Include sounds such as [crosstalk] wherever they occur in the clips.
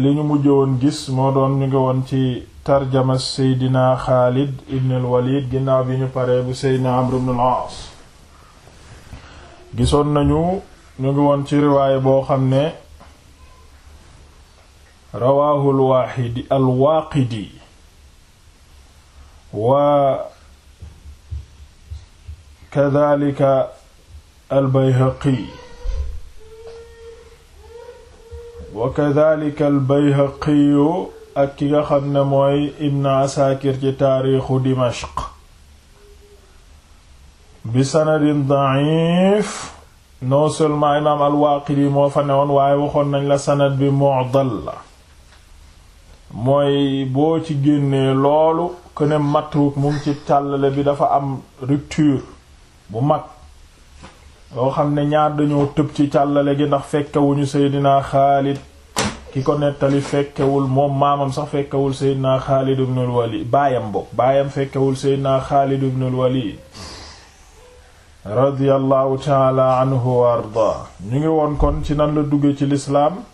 li ñu mujj woon gis moo doon ñu ngi woon ci tarjama seydina xaalid ibn al walid ginnaaw bi ñu paree bu seydina amr ibn al gisoon nañu ñu ngi woon ci riwaay boo xam ne rawaahu al waaxidi wa kadhalika al bayhaqi wa kadhalika albayhaqiyu ak ki nga xam ne mooy ibn asaakir ci taarixu dimashq bi sanadin da'if non seulement imaam al-Waaqidi moo fa newoon waaye waxoon nañ la sanad bi mu'dal la mooy boo ci génnee loolu que ne matruk mu ci tàllale bi dafa am rupture bu mag yoo xam ne ñaar dañoo tëb ci càllale gi ndax fekkewuñu seydinaa Xaalid ki ko nettali fekkewul moom maamam sax fekkewul seydinaa Xaalid ibnul Walid baayam bokk baayam fekkewul seydinaa Xaalid ibnul Walid radiyallahu taala anhu wa ardaa ñu ngi woon kon ci nan la dugge ci lislaam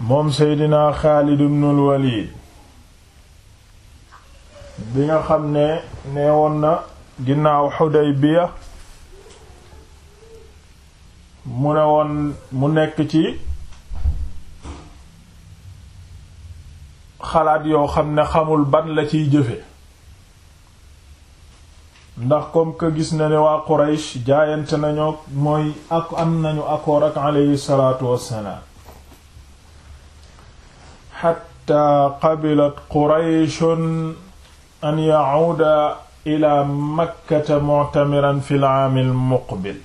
moom seydinaa Xaalid ibnul Walid bi nga xam ne nee woon na ginnaaw Xudaybiya mu ne woon mu nekk ci xalaat yoo xam ne xamul ban la ciy jëfe ndax kom que gis na ne waa Quraysh jaayante nañoo mooy ak am nañu accord ak aleyhi salaatu wassalaam xatta qabilat Qurayshun an yacuuda ila makkata mu'tamiran fil aamil muqbil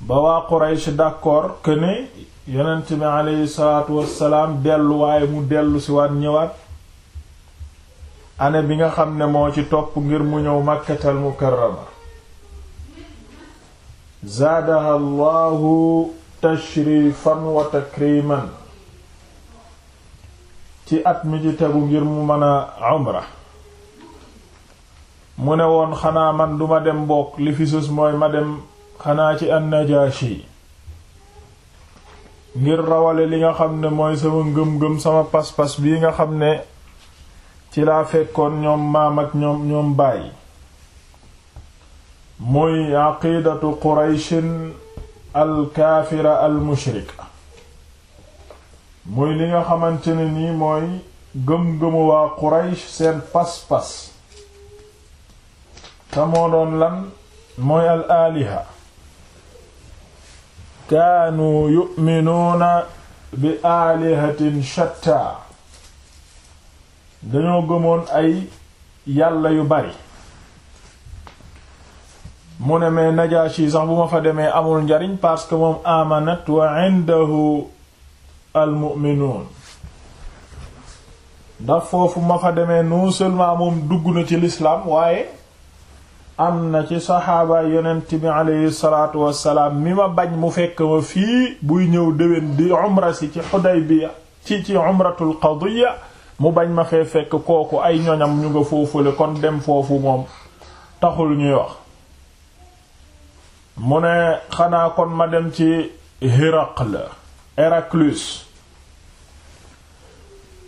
ba waa Quraysh d'accord que ne yonent bi aleyhi wassalaam dellu waaye mu dellu si waat ñëwaat année bi nga xam ne moo ci topp ngir mu ñëw makkatal mukarrama zaadaha allahu tashrifan wa takriman ci at mijite ci ngir mu mën a umra mu ne woon xanaa man duma dem bokk li mooy ma dem xanaa ci an-Najaashi ngir rawale li nga xam ne mooy sama ngëm-ngëm sama pas-pas bii nga xam ne ci laa fekkoon ñoom maam ak ñoom ñoom bàyyi muy aqiidatu qurayshin alkaafira almushrika muy li nga xamante ne nii mooy gëm-gëmu waa quraysh seen pas-pas te moo doon lan mooy al aliha kaanu yu'minuuna bi alihatin shatta dañoo gëmoon ay yàlla yu bari mu ne mais Najaashi sax bu ma fa demee amul njariñ parce que moom amanat wa indahu al mu'minuun ndax foofu ma fa demee non seulement moom dugg na ci lislaam waaye am na ci saxaaba yonent bi aleyhi salaatu mi ma bañ mu fekk ma fii buy ñëw déwén di umra si ci Xudaybiya ci ci umratul qadiya mu bañ ma fee fekk kooku ay ñoñam ñu nga foofule kon dem foofu moom taxul ñuy wax mu ne xanaa kon ma dem ci Hiraqla Héraclus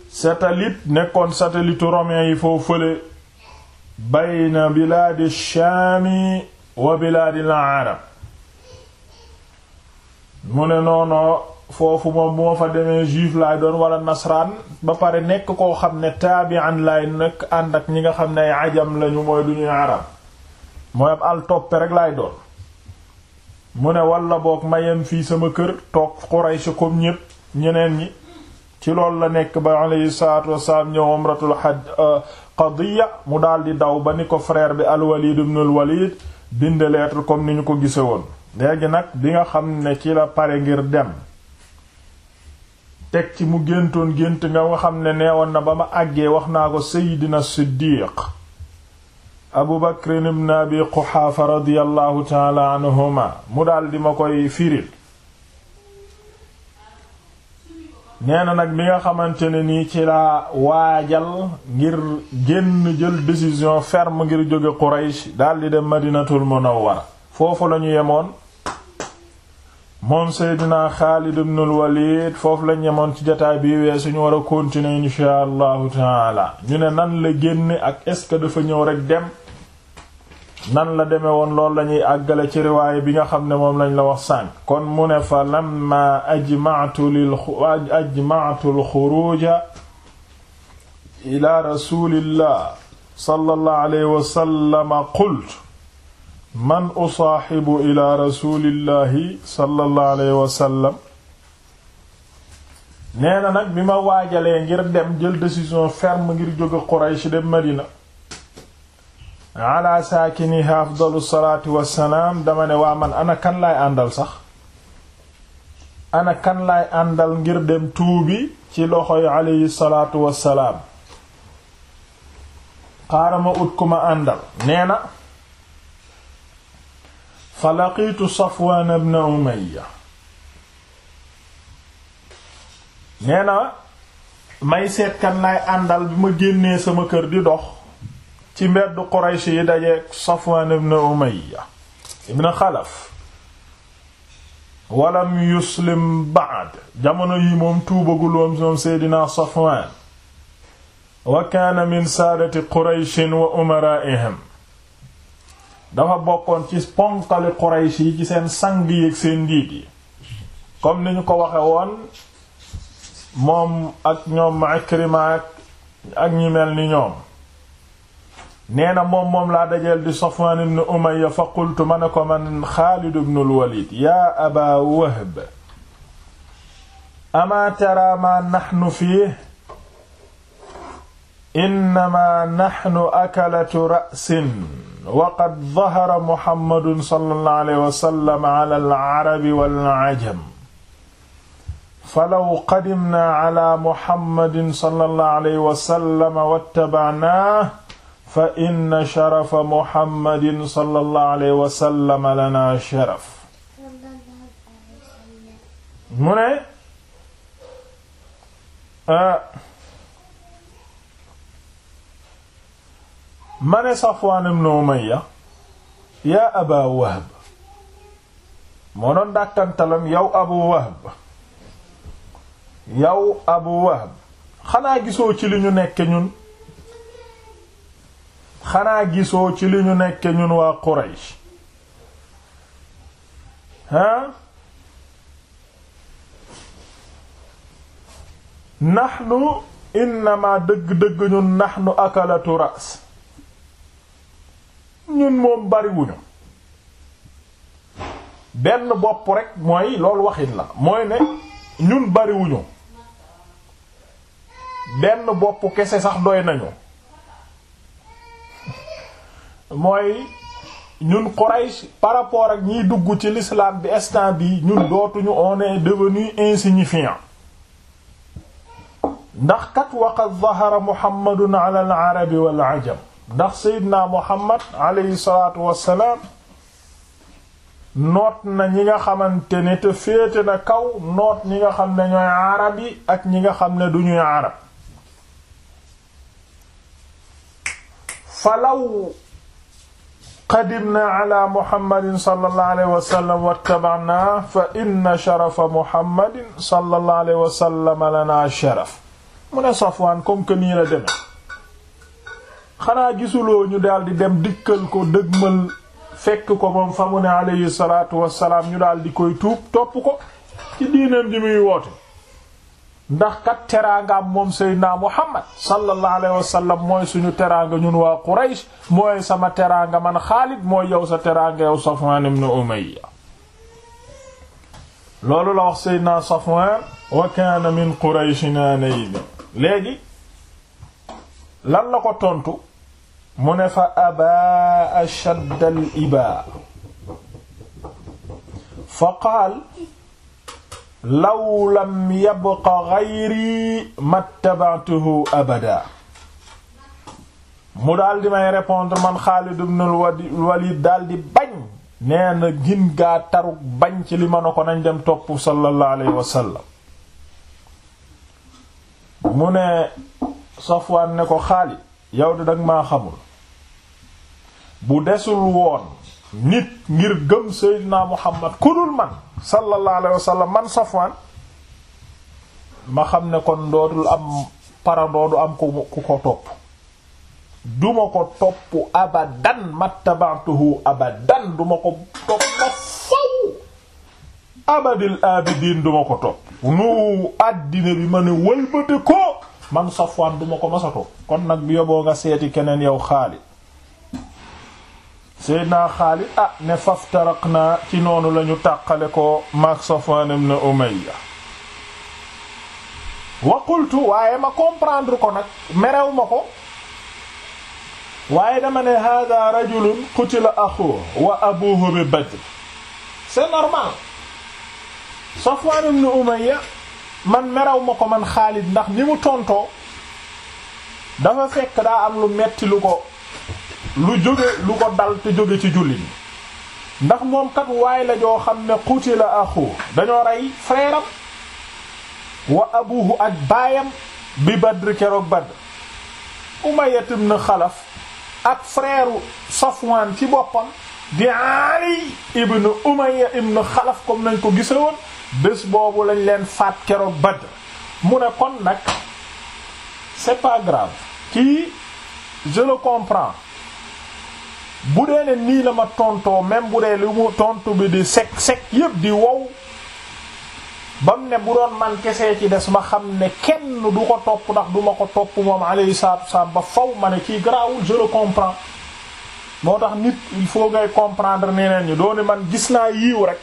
satellite nekkoon satellite romain yi foofule bayna bilaadi shaami wa bilaadi al-arab mu ne noonu foofu moom bu fa demee juif laay doon wala nasraan ba pare nekk koo xam ne taabi'an laay nekk ànd ak ñi nga xam ne ay ajam lañu mooy du ñuy arab mooy ab al toppe rek laay doon mu ne walla boog mayem fii sama kër toog Quraysh comme ñépp ñeneen ñi ci loolu la nekk ba alayhi salaatu wasalaam ñëw euh, qadiya mu daal daw ba ni ko frère bi alwalid ibn alwalid bind lettre comme ni ñu ko gise woon léegi nag bi nga xam ne ci la pare ngir dem teg ci mu géntoon gént nga xam ne neewoon na ba ma àggee wax naa ko seydina siddiq abu bakr ibn abi quxaafa radiallahu taala mu daldi ma koy firil nee nag bi nga xamante ne nii ci laa waajal ngir génn jël décision ferme ngir jóge Quraysh daldi dem Madinatul Munawwara foofu lañu yemoon moom Seydina Xaalid ibn al-Walid foofu lañu yemoon ci jataay bi weesu ñu war a continuer insha allahu taala ñu ne nan la génn ak est-ce que dafa ñëw rek dem nan la demee woon lool la ñuy àggale ci riwaaya bi nga xam ne moom lañ la wax sànq kon mu ne fa lamma ajma'tu lil ajma'tu al xuruja ila rasulillah sallallahu alayhi wa sallam qultu man usaaxibu ila rasulillahi sallallahu alayhi wa sallam nee na nag bi ma waajalee ngir dem jël décision ferme ngir jóge Quraysh dem Madina ala saakiniha afdalu salaatu wassalaam dama waa man ana kan àndal sax ana kan àndal ngir dem tuubi ci loxoy alayhi salaatu wassalaam xaaral ma ut ku ma àndal nee na fa laqiitu safwaan ibn umayya nee na may seet kan laay àndal bi ma génnee sama kër di dox ci mbedd Quraysh yi dajeek Safwan ibn Umayya ibn Xalaf walam yuslim ba'd jamono yi moom tuubagul woon moom Seydina Safwan wa kaana min saadati Quraysh wa umaraa'ihim dafa bokkoon ci ponkali Quraysh yi ci seen sang yi seen njiit yi comme ni ñu ko waxe woon moom ak ñoom Ikrima ak ñi mel ni ñoom nee na moom moom laa dajeel di Safwaan ibn Umayya fa qultu ma ne ko man Xaalid ibn al-Walid yaa Abaa Wahb amaa tara maa naxnu fiihi innamaa naxnu akalatu ra'sin wa qad dahara Muhammadun sallallahu alayhi wa sallam ala al-arabi wal-ajam falaw qadimnaa ala Muhammadin sallallahu alayhi wa sallam wattaba'naahu fa inna sharafa muhammadin sallallahu alayhi wa sallam lana sharaf mu ne ma ne Safwaan ibn Umayya yaa Abaa Wahb moo doon dàkkantalam yow Abu Wahb yow Abu Wahb xanaa gisoo ci li ñu nekk ñun xanaa gisoo ci li ñu nekk ñun waa Quraysh ha nahnu innama dëgg-dëgg ñun nu akalatu ras ñun moom bariwuñu benn bopp rek mooy loolu waxin la mooy ne ñun bariwuñu benn boppu kese sax doy nañu mooy ñun Quraysh par rapport ak ñiy dugg ci lislaam bi instant bi ñun dootuñu on est devenu insignifiant ndax kat waqad zahara muhammadun ala al arabi wal ajam ndax seydina muhammad alayhi salatu wassalaam noot na ñi nga xamante ne te féete na kaw noot ñi nga xam ne ñooy arab ak ñi nga xam ne du ñuy arab falaw qadimna ala muhammadin sallallahu alayhi wa sallam wattaba'na fa inna sharafa muhammadin sallallahu alayhi wa sallam lana sharaf mu ne Safwaan comme que nii la deme xanaa gisuloo ñu daal di dem dikkal ko dëgmal fekk ko moom fa mu ne alayhi salaatu wa salaam ñu daal di koy tuub topp ko ci diinam ji muy woote ndax kat teraangaam moom Seydina Muhammad sallallahu alayhi wa suñu teraanga ñun waa Quraysh mooy sama teraanga man Xaalid mooy yow sa teraanga yow Safwaan ibn Umayya loolu la wax Seydina Safwaan wa kaana min Qurayshin anayb léegi lan la ko tontu mu ne fa abaa ashadd al ibaa fa qaal law lam yabqa ghayri mattaba'tuhu abada mu daldi di may répondre man Xaalid ibn walid daal bañ nee na bañ ci li mën a ko nañ dem topp sallallahu alayhi wa sallam mu ne Safwaan ne ko Xaalid yow de danga maa xamul bu desul woon nit ngir gëm Seydina Muhammad ku dul man sallallahu alayhi wasallam man Safwan ma xam ne kon dootul am para doodu am ku ko topp duma ko topp abadan mattabaatuhu abadan duma ko topp ba faw nu àddina bi ma ne wëlbate ko man Safwan duma ko masa kon nag bi yoboo nga seeti keneen yow xaali Seydina Xaalid ah ne faftaraq naa ci noonu lañu tàqale ko maak Safwan ibn Umayya wa qultu waaye ma comprendre ko nag merew ma ko waaye dama ne hada rajulun qutila axuhu wa abuhu bi Badr c'est normal Safwan ibn Umayya man merew ma ko man Xaalid ndax ni mu tontoo dafa fekk daa am lu mettilu ko lu jóge lu ko dal te jóge ci jullit ñi ndax moom kat waay la joo xam ne qutila axu dañoo rey frère am wa abuhu ak baayam bi Badr keroog Badr Umayya ibn Xalaf ak frère Safwan ci boppam di Ali ibn Umayya ibn Xalaf comme nañ ko gise woon bés boobu lañ leen faat keroog Badr mu ne kon nag c'est pas grave kii je le comprends bu dee ne nii la ma tontoo même bu dee lu mu tontu bi di sek sec yépp di wow bam ne bu doon man kesee ci des ma xam ne kenn du ko topp ndax du ma ko topp moom alayhi salaatu wasalaam ba faw ma ne kii garaawul je le comprends moo tax nit il faut ngay comprendre neneen ñi doone man gis naa yiiw rek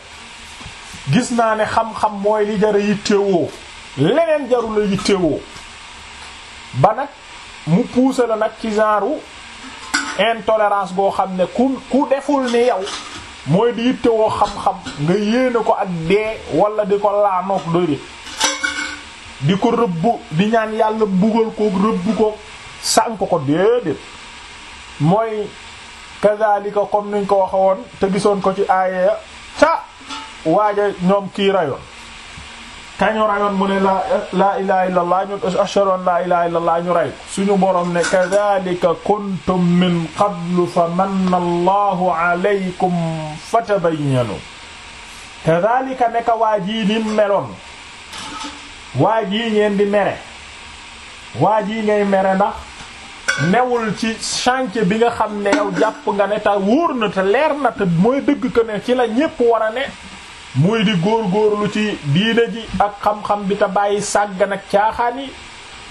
gis naa ne xam-xam mooy li jara yittewoo leneen jarula la yittewoo ba nag mu pousser la nag ci genre intolérance goo xam ne ku ku deful ni yow mooy di yittewoo xam-xam nga yéene ko ak dee wala di ko laanoog dori di ko rëbb di ñaan yàlla bugal ko rëbb ko sànk ko déedéet mooy kazalika comme niñ ko waxe woon te gisoon ko ci aaya ca waaja ñoom kii rayoon kañu rayoon mu ne la laa ilaha illallah ñu ñu rey suñu borom ne kadhalika kuntum min qablu fa manna allahu alaykum fatabayyanu kadhalika neka waa jii ni meloon waa jii ngeen di mere waa jii ngay mere ndax newul ci chantier bi nga xam ne yow jàpp nga ne te wóor na te leer na te mooy dëgg que ne ci ñépp war a ne muy di góor-góorlu ci diine ji ak xam-xam bi ta bàyyi sàggan ak caaxaan yi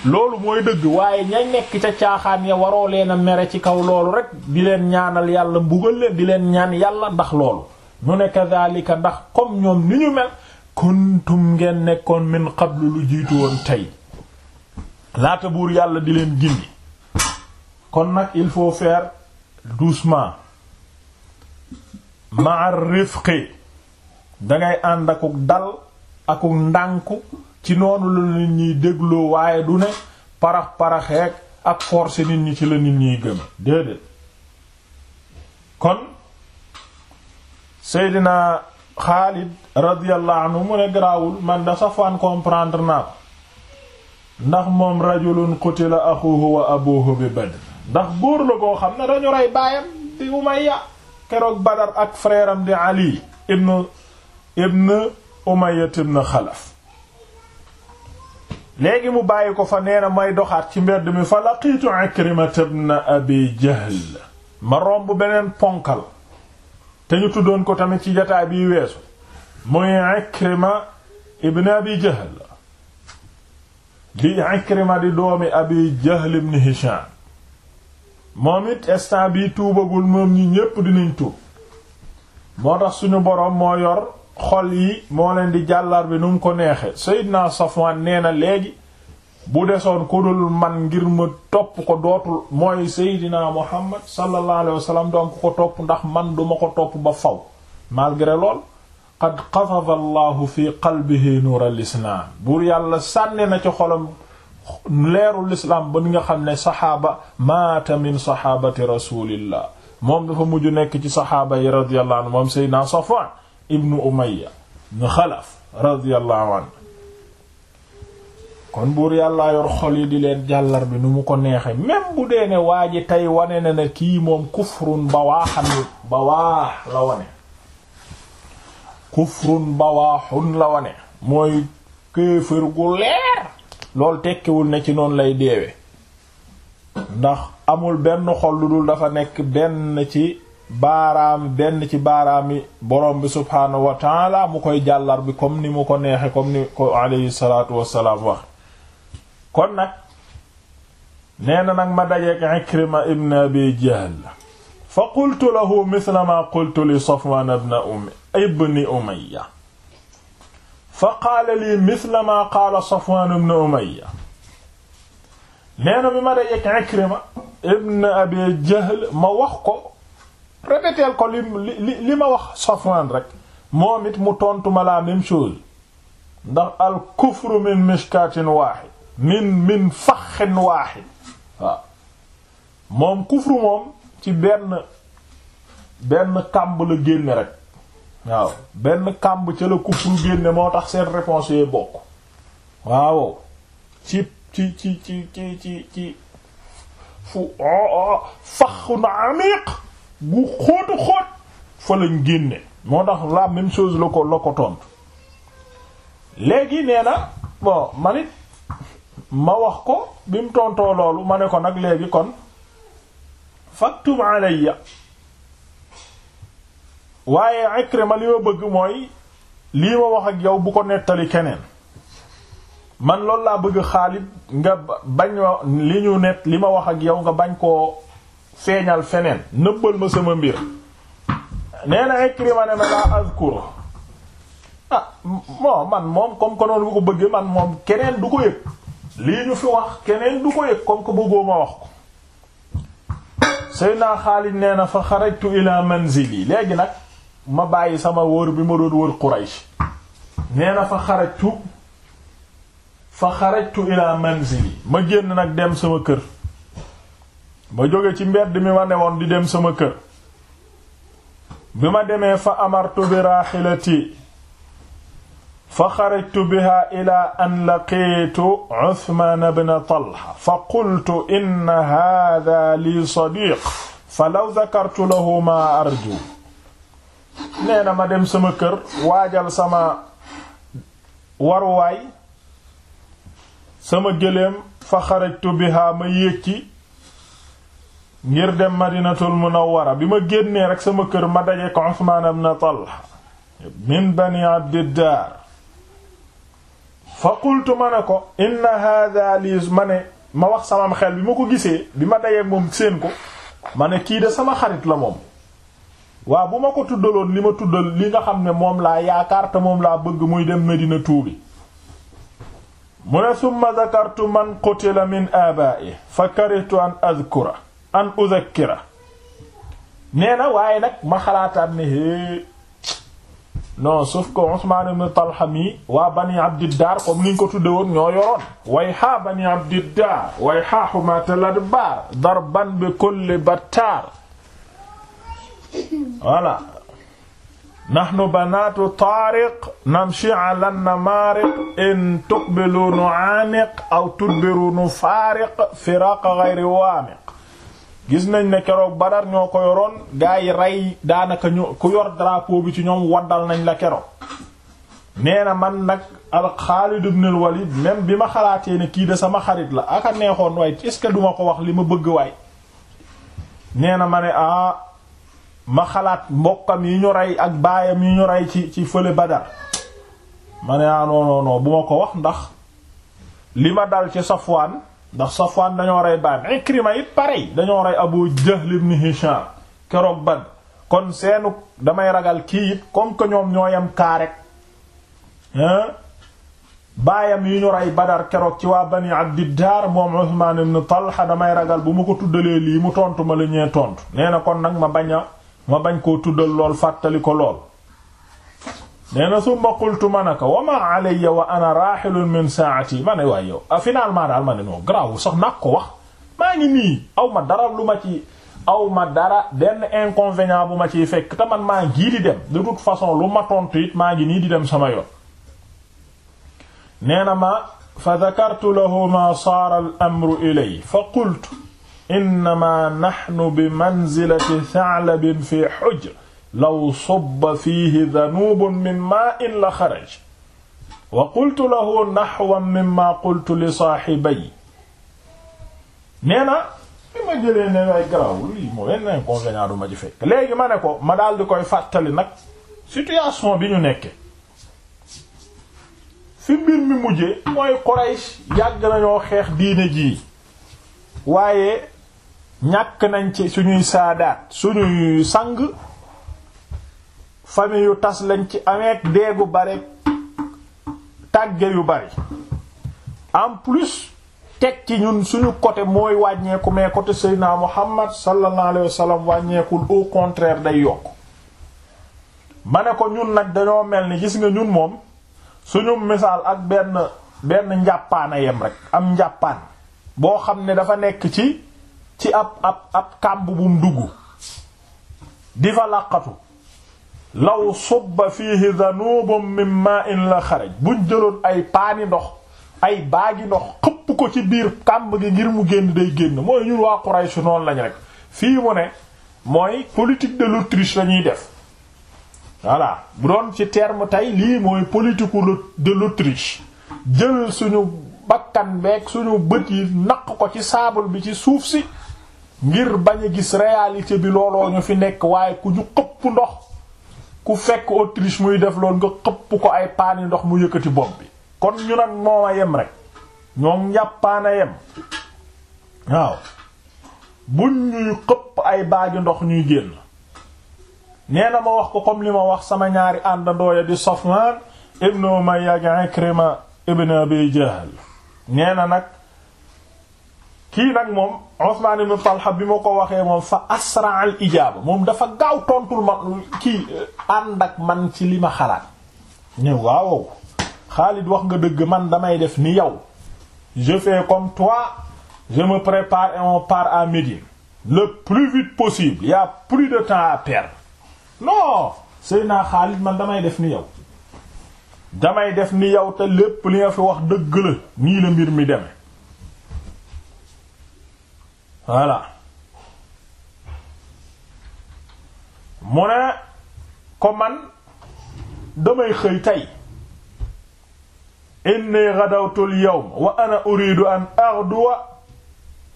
loolu mooy dëgg waaye ña nekk ca caaxaan ya waroo leen a mere ci kaw loolu rek di leen ñaanal yàlla mbugal leen di leen ñaan yàlla ndax loolu ñu ne kadhalika ndax comme ñoom ni ñu mel kuntum ngeen nekkoon min qablu lu jiitu woon tey laata buur yàlla di leen gindi kon nag il faut faire doucement ma'a dangay ànd akuk dal akuk ndànku ci noonu la nit ñiy dégloo waaye du ne parax paraxeeg ak force nit ñi ci la nit ñiy gëm déedéet kon Seydina Xaalid radiyallahu mu ne garaawul man da safaan comprendre naa ko ndax moom rajulun qutila axuhu wa abuhu bi Badr ndax góor la koo xam ne dañu rey baayam di Umayya keroog Badar ak frère di Ali ibnu ibn Umayyah ibn Xalaf léegi mu bàyyi ko fa nee na may doxaat ci mbedd mi fa laqiitu Ikrimah ibn Abi ma romb beneen ponkal te ñu tuddoon ko tamit ci jataay biy weesu muy Ikrima ibn Abi Jahl Ikrima di doomi Abi Jahl ibn moom it instant bi tuubagul moom ñi ñépp dinañ tuub moo tax suñu boroom moo yor xol yi moo leen di jàllar bi nu mu ko neexe Seydina Safwan nee na léegi bu desoon ku dul man ngir ma topp ko dootul mooy Seydina Muhammad sallallahu alayhi wa sallam donc ko topp ndax man duma ko topp ba faw malgré lool qad qadhafa allahu fi qalbihi nuur al islaam buur yàlla sànni na ci xolam leerul islaam ba nga xam ne saxaaba maata min saxaabati rasulillah moom dafa mujj nekk ci saxaaba yi radiyallahu anhu moom Seydina Safwan ibnu umayya ibnu xalaf radiyallahu anhu kon buur yàlla yor xol yi di leen jàllar bi nu mu ko neexe même bu dee ne waa ji tey wane na ne kii moom kufrun bawaaxan bawaax la wane kufrun bawaaxun la wane mooy kéefër gu leer loolu tekkiwul ne ci noonu lay deewe ndax amul benn xol lu dul dafa nekk benn ci baaraam benn ci baaraam borom bi subhaanahu wa taala mu koy jàllar bi comme ni mu ko neexe comme ni ko alayhi salaatu wassalaam wax kon nag nee na nag ma dajeek Ikrima ibn Abi Jahl fa qultu lahu mithla ma qultu li Safwan ibn umm, Umayya fa qaala lii mithla ma qaala Safwan ibn Umayya nee na ma dajeek Ikrima ibn Abi Jahl ma wax ko répéteel ko li ma wax Safwan rek moom it mu tontu ma la même chose ndax al kufru min mishkatin waaxid min min faxin waaxid waaw moom kufru moom ci benn benn kàmb la génne rek waaw benn kàmb ca la kufru génne moo tax seen réponse yee bokk waaw ci ci ci ci ci ci ci fu oh, oh, faxun bu xóotu xóot fa lañ génne moo tax la même chose la ko la ko tontu léegi nee na bon man it ma wax ko bi mu tontoo loolu ma ne ko nag léegi kon faktub alayya waaye Ikrima li ma bëgg mooy lii ma wax ak yow bu ko nettali keneen man loolu laa bëgg Xaalid nga bañ li ñu net li ma wax ak yow nga bañ koo feeñal feneen nëbbal ma sama mbir nee na Ikrima ne ma laa azkur ah bon man moom comme que noonu nga ko bëggee man moom keneen du ko yëg lii ñu fi wax keneen du ko yëg comme que bëggoo ma wax ko Seydina Xaalid nee na fa xarajtu ila manzili léegi nag ma bàyyi sama wër bi ma doon wër Quraysh nee na fa xarajtu fa xarajtu ila manzili ma génn nag dem sama kër ma joge ci mbedd mi ma newoon di dem sama kër bi ma demee fa amartu bi raaxilati fa xarajtu biha ila an laqiitu Usmaan bna Talha fa qultu inna haada sadiq fa law dakartu lahu maa arju nee na ma dem sama kër waajal sama waruwaay sama géléem fa xarajtu biha ma yéeg ngir dem madinatul munawwara bi ma génnee rek sama kër ma daje ko Usmaan ibn Talha min bani abdiddaar fa qultu ma ne ko inna hadha ma ne ma wax sama xel bi ma ko gisee bi ma dajee moom seen ko ma ne kii de sama xarit la moom waa bu ma ko tuddaloon li ma tuddal li nga xam ne moom laa yaakaar te moom laa bëgg muy dem Medina tuubi mu ne summa zakartu man qutila min aba'i fa karihtu an adhkura an uzakkira nee na waaye nag ma xalaataat ne hé non sauf que Usmaan ibn Talha mi waa bani Abdiddaar comme ni ñu ko tudde woon ñoo yoroon way haa bani Abdiddaar way haa humaatal adbaar darban bi kulli battaar voilà nahnu banaatu taariq namshi ala namaariq in tuqbilu nu'aaniq aw tudbiru nufaariq firaaqa ghayri waamiq gis nañ ne keroog Badar ñoo ko yoroon gaa yi rey daanaka ñu ku yor drapeau bi ci ñoom waddal nañ la keroog nee na man nag al Xaalid ibn al Walid bi ma xalaatee ne kii de sama xarit la aka neexoon waaye est duma ko wax li ma bëgg waay nee na ma ne ah ma xalaat mbokkam yi ñu rey ak baayam yi ñu rey ci ci fële Badar ma ne ah non bu ma ko wax ndax li ma dal ci Safwaan ndax Safwan dañoo rey baam Ikrima it pareil dañoo rey Abu Jahl ibn Hisham keroog Badr kon seenu damay ragal kii it comme que ñoom ñoo yem kaa rek baayam yi ñu rey Badar keroog ci waa Bani Abdiddar moom Usmaan ibn Talha damay ragal bu ma ko tuddalee lii mu tontu ma la ñee tontu nee na kon nag ma bañ a ma bañ koo tuddal lool fàttali ko lool nee na summa qultu ma naka wa ma alayya wa ana raahilun min saati ma ne waay yow ah finalement daal ma ne non garaaw sax nag ko wax maa ngi nii aw ma dara lu ma ci aw ma dara benn inconvénient bu ma ciy fekk te man maa ngi di dem de toute façon lu ma tontu it maa ngi nii di dem sama yoon nee na ma fa dakartu lahu ma saara al amru ilay fa qultu innama nahnu bi manzilati tha'labin fi hujra law sob fiihi danubun min maa in la xaraj wa qultu lahu naxwan mimma qultu li saaxibay nee na li ma jëlee ne ay garawul lii moo wen neen convenant ma ci fekk léegi ma ne ko ma daal koy fàttali nag situation bi ñu nekke fi mbir mi mujjee mooy Quraysh yàgg nañoo xeex diine jii waaye ñàkk nañ ci suñuy saadaat suñuy sang famille yu tas lañ ci ameek deegu bare tàgge yu bari en plus teg ci ñun suñu côté mooy wàññeeku mais côté Seydina Muhammad sallallahu alayhi wa wàññeekul au contraire day yokk ma ne ko ñun nag dañoo mel ni gis nga ñun moom suñu misaal ak benn benn njàppaana yem rek am njàppaan boo xam ne dafa nekk ci ci ab ab ab kàmb bu dugg di fa làqatu law subba fiihi danubun min ma'in la xaraj buñ jëloon ay paani ndox ay baagi ndox xëpp ko ci biir kàmb gi ngir mu génn day génn mooy ñun waa Quraysh noonu lañ rek fii mu ne mooy politique de l'autruche la def voilà bu doon ci terme tey lii mooy politique de l'autruche jël suñu bakkan beeg suñu bët yi naq ko ci saabal bi ci suuf si ngir bañ a gis réalité bi looloo ñu fi nekk waaye ku ñu xëpp ndox ku fekk Autriche muy def lool nga xëpp ko ay paan paani ndox mu yëkkati bopp bi kon ñu nag moo ma yem rek ñoom njàppaana yem waaw buñ ñuy xëpp ay baagi ndox ñuy génn nee na ma wax ko comme li ma wax sama ñaari àndandoo ya di Safwan ibn Umayya ak Ikrima ibn Abi Jahl nee na nag kii nag moom Usman nu Talha bi ma ko waxee moom fa asra al ijaaba moom dafa gaaw tontul ma kii eh, ànd ak man ci li ma xalaat ne waaw Xaalid wax nga dëgg man damay def ni yow je fais comme toi je me prépare et on part à Médine le plus vite possible il plus de temps à perdre non sëy naa man damay def ni yow damay def ni yow te lépp li nga fi wax dëgg la nii la mbir mi demee voilà mu ne ko man damay xëy tey inni ghadawtu al-yawm wa ana uridu an aghduwa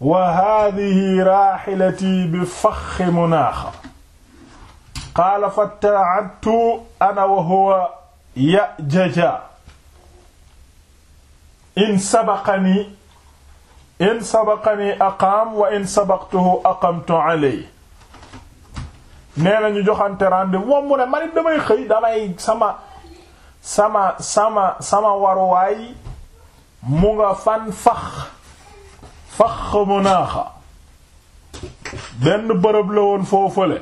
wa hadhihi rahilati bi faxi munaaxa qaala fata'adtu ana wa huwa ya'jaja in sabaqani in sabaqani aqaam wa in sabaqtuhu aqamtu alay nee na ñu joxante rendez-vous ne man damay xëy damay sama sama sama sama waruwaay mu nga fan fax fax mu benn bërëb la woon foofale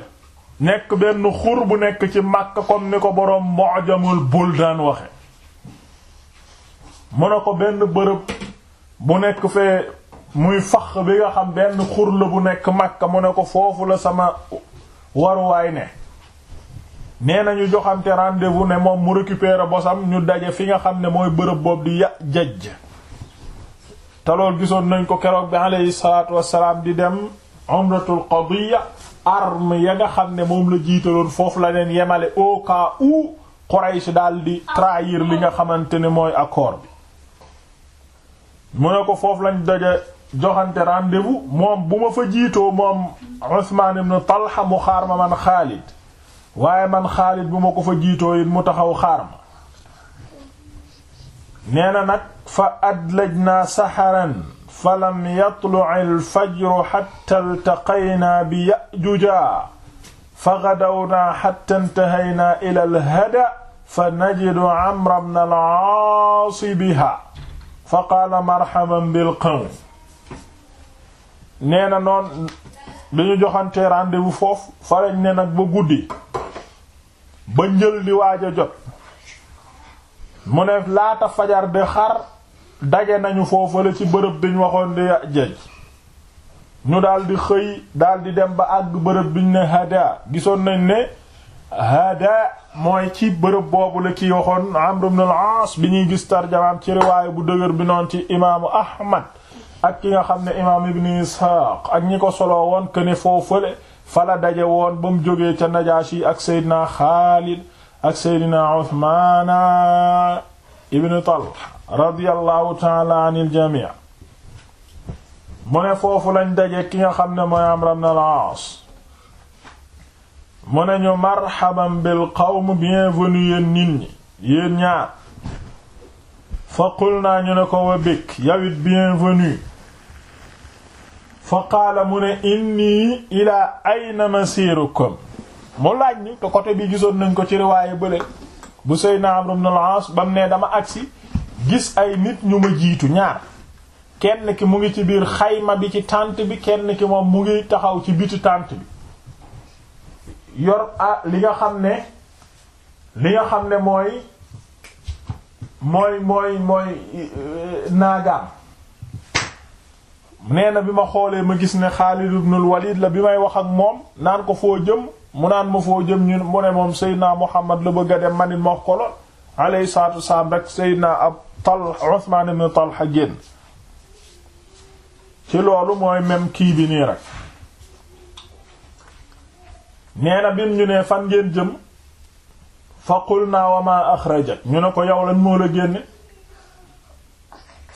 nekk benn xur bu nekk ci Makka comme ni ko boroom Mu'jamul Buldaan waxe mu ne ko benn bërëb bu nekk fee muy fax bi nga xam benn xur la bu nekk Makka mu ne ko foofu la sama waruwaay ne nee nañu joxante rendez-vous ne moom mu récupérer bosam ñu daje fi nga xam ne mooy bërëb boobu di ya jajj te gisoon nañ ko keroog bi alayhi salaatu wassalaam di dem umratul qadiya arme ya nga xam ne moom la jiitaloon foofu la leen yemale au cas où Quraysh daal di trahir li nga xamante ne mooy accord bi mu ne ko foofu lañ daje joxante rendez-vous moom bu ma fa jiitoo moom Usmaan ibn Talha mu xaar ma man Xaalid waaye man Xaalid bu ma ko fa jiitoo it mu taxaw xaar ma nee na nag fa adlajnaa saxaran fa lam yatluc alfajru xatta iltaqaynaa bi yajuja fa gadawnaa xatta intahaynaa ila alhada fa najidu Amra bna al-Aas biha fa qaala marxaban bilqawm nee na noon bi ñu joxante rendez-vous foofu farañ ne nag ba guddi ba njël di waaj jot mu ne laata fajar bi xar daje nañu foofu la ci bërëb bi ñu waxoon di jeej ñu daldi xëy daldi dem ba àgg bërëb bi ñu ne hada gisoon nañ ne hada mooy ci bërëb boobu la ki waxoon Amr bi ñuy gis tarjamaam ci riwaayu bu dëgër bi noon ci imaamu Ahmad ak ki nga xam ne imaam ibn Ishaq ak ñi ko soloo woon que ne foofule fala daje woon ba mu jógee ca Najaashi ak Seydina Xaalid ak Seydina Usmaana ibn Talha radiyallahu taala anil jamii mu ne foofu lañ daje ki nga xam ne mooy Amr ibn al-Aas mu ne ñu marhaban bil qawm bienvenue yéen nit ñi yéen ñaar fa qul naa ñu ne ko wa bik yawit bienvenue fa qaala mu ne inni ilaa ayna masirukum mu laaj ni te côté bi gisoon nañ ko ci riwaaye bële bu Seydina Amr ibn al bam ne dama agsi gis ay nit ñu ma jiitu ñaar kenn ki mu ngi ci biir xayma bi ci tànt bi kenn ki moom mu ngi taxaw ci biti tànt bi yor a li nga xam ne li nga xam ne mooy mooy mooy mooy euh, naagaam nee na bi ma xoolee ma gis ne Xaalid ibnul Walid la bi may wax ak moom naan ko foo jëm mu naan ma foo jëm mu ne moom Seydina Muhammad la bëgg a dem manit ma wax ko lool alayhi salaatu wasalaam rek ab Tal Usmaan ibn Talha génn ci loolu mooy même kii bi nii rek nee na ñu ne fan ngeen jëm fa qulnaa wa maa axrajak ñu ne ko yow lan moo la génne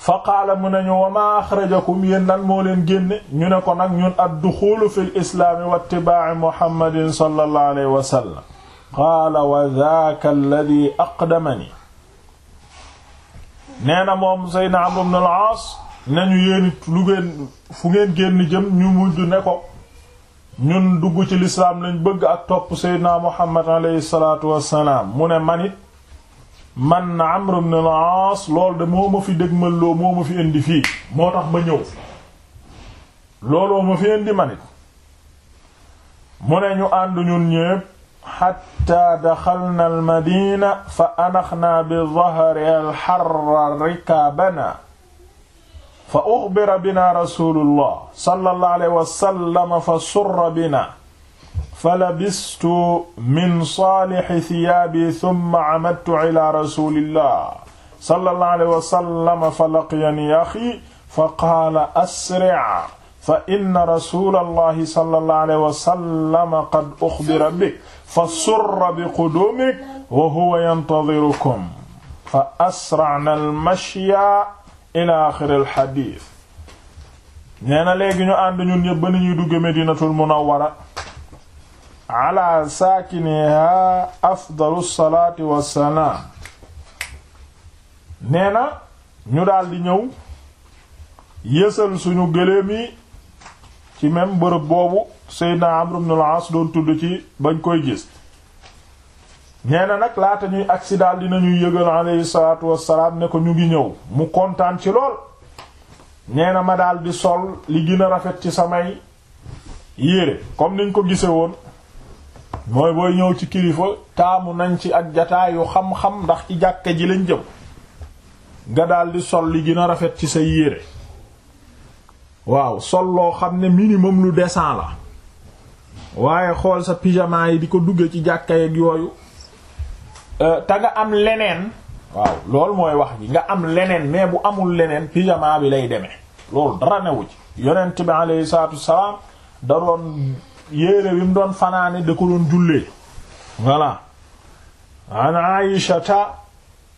fa mu mun nañu wa maa axrajakum yéen lan moo leen génne ñu ne ko nag ñun adduxuulu fi lislaami wa itibaaci muhammadin sallallahu alayhi wa sallam qaala wa daaka alladi aqdamani nee na moom seydna amr ibn al-aas nañu yéen lu ngeen fu ngeen jëm ñu mujj ne ko ñun dugg ci lislaam lañ bëgg ak topp seydna mu ne manit man Amr ibn al-Aas loolu de moo ma fi dégmal loo moo ma fi indi fii moo tax ma ñëw looloo ma fi indi manit mu ne ñu ànd ñun ñépp xatta daxalna almadina fa anaxna bi dahri alxarra rikaabana fa uxbira bina rasulullah sallallahu alayhi wa sallam fa surra bina falabistu min saalixi thiyaabi thumma amadtu ila rasulillah sallallahu alayhi wa sallam falaqiyani axi fa qaala asri' fa inna rasulallahi sallallahu alayhi wa sallam qad uxbira bik fa surra biqudumik wa huwa yantadirukum fa asra'na al-mashya ila axiri al-hadiis nee na léegi ñu ànd ñun ñëpp ba ni ñuy dugg Madinatul Munawwara ala saakiniha afdalu salaati wassalaam nee na ñu daldi ñëw yësal suñu gëléem yi ci même bërëb boobu Seydina Amr ibn al-As doon tudd ci bañ koy gis nee na nag laata ñuy agsi daldi nañuy yëgal alayhi salaatu wassalaam ne ko ñu ngi ñëw mu kontaan ci lool nee na ma daldi sol li gën a rafet ci samay yére comme niñ ko gise woon mooy booy ñëw ci kilifa taamu nañ ci ak jataayu xam-xam ndax ci jàkka ji lañ jëm nga daldi sol li gën a rafet ci sa yére waaw sol loo xam ne minimum lu décent la waaye xool sa pijamaa yi di ko dugge ci jàkka yeeg yooyu euh, te nga am leneen waaw loolu mooy wax ji nga am leneen mais bu amul leneen pyjama bi lay demee loolu dara newu ci yonent bi alayhi salaatu wa salaam da doon yére bi mu doon fanaane da ko doon jullee voilà an aishata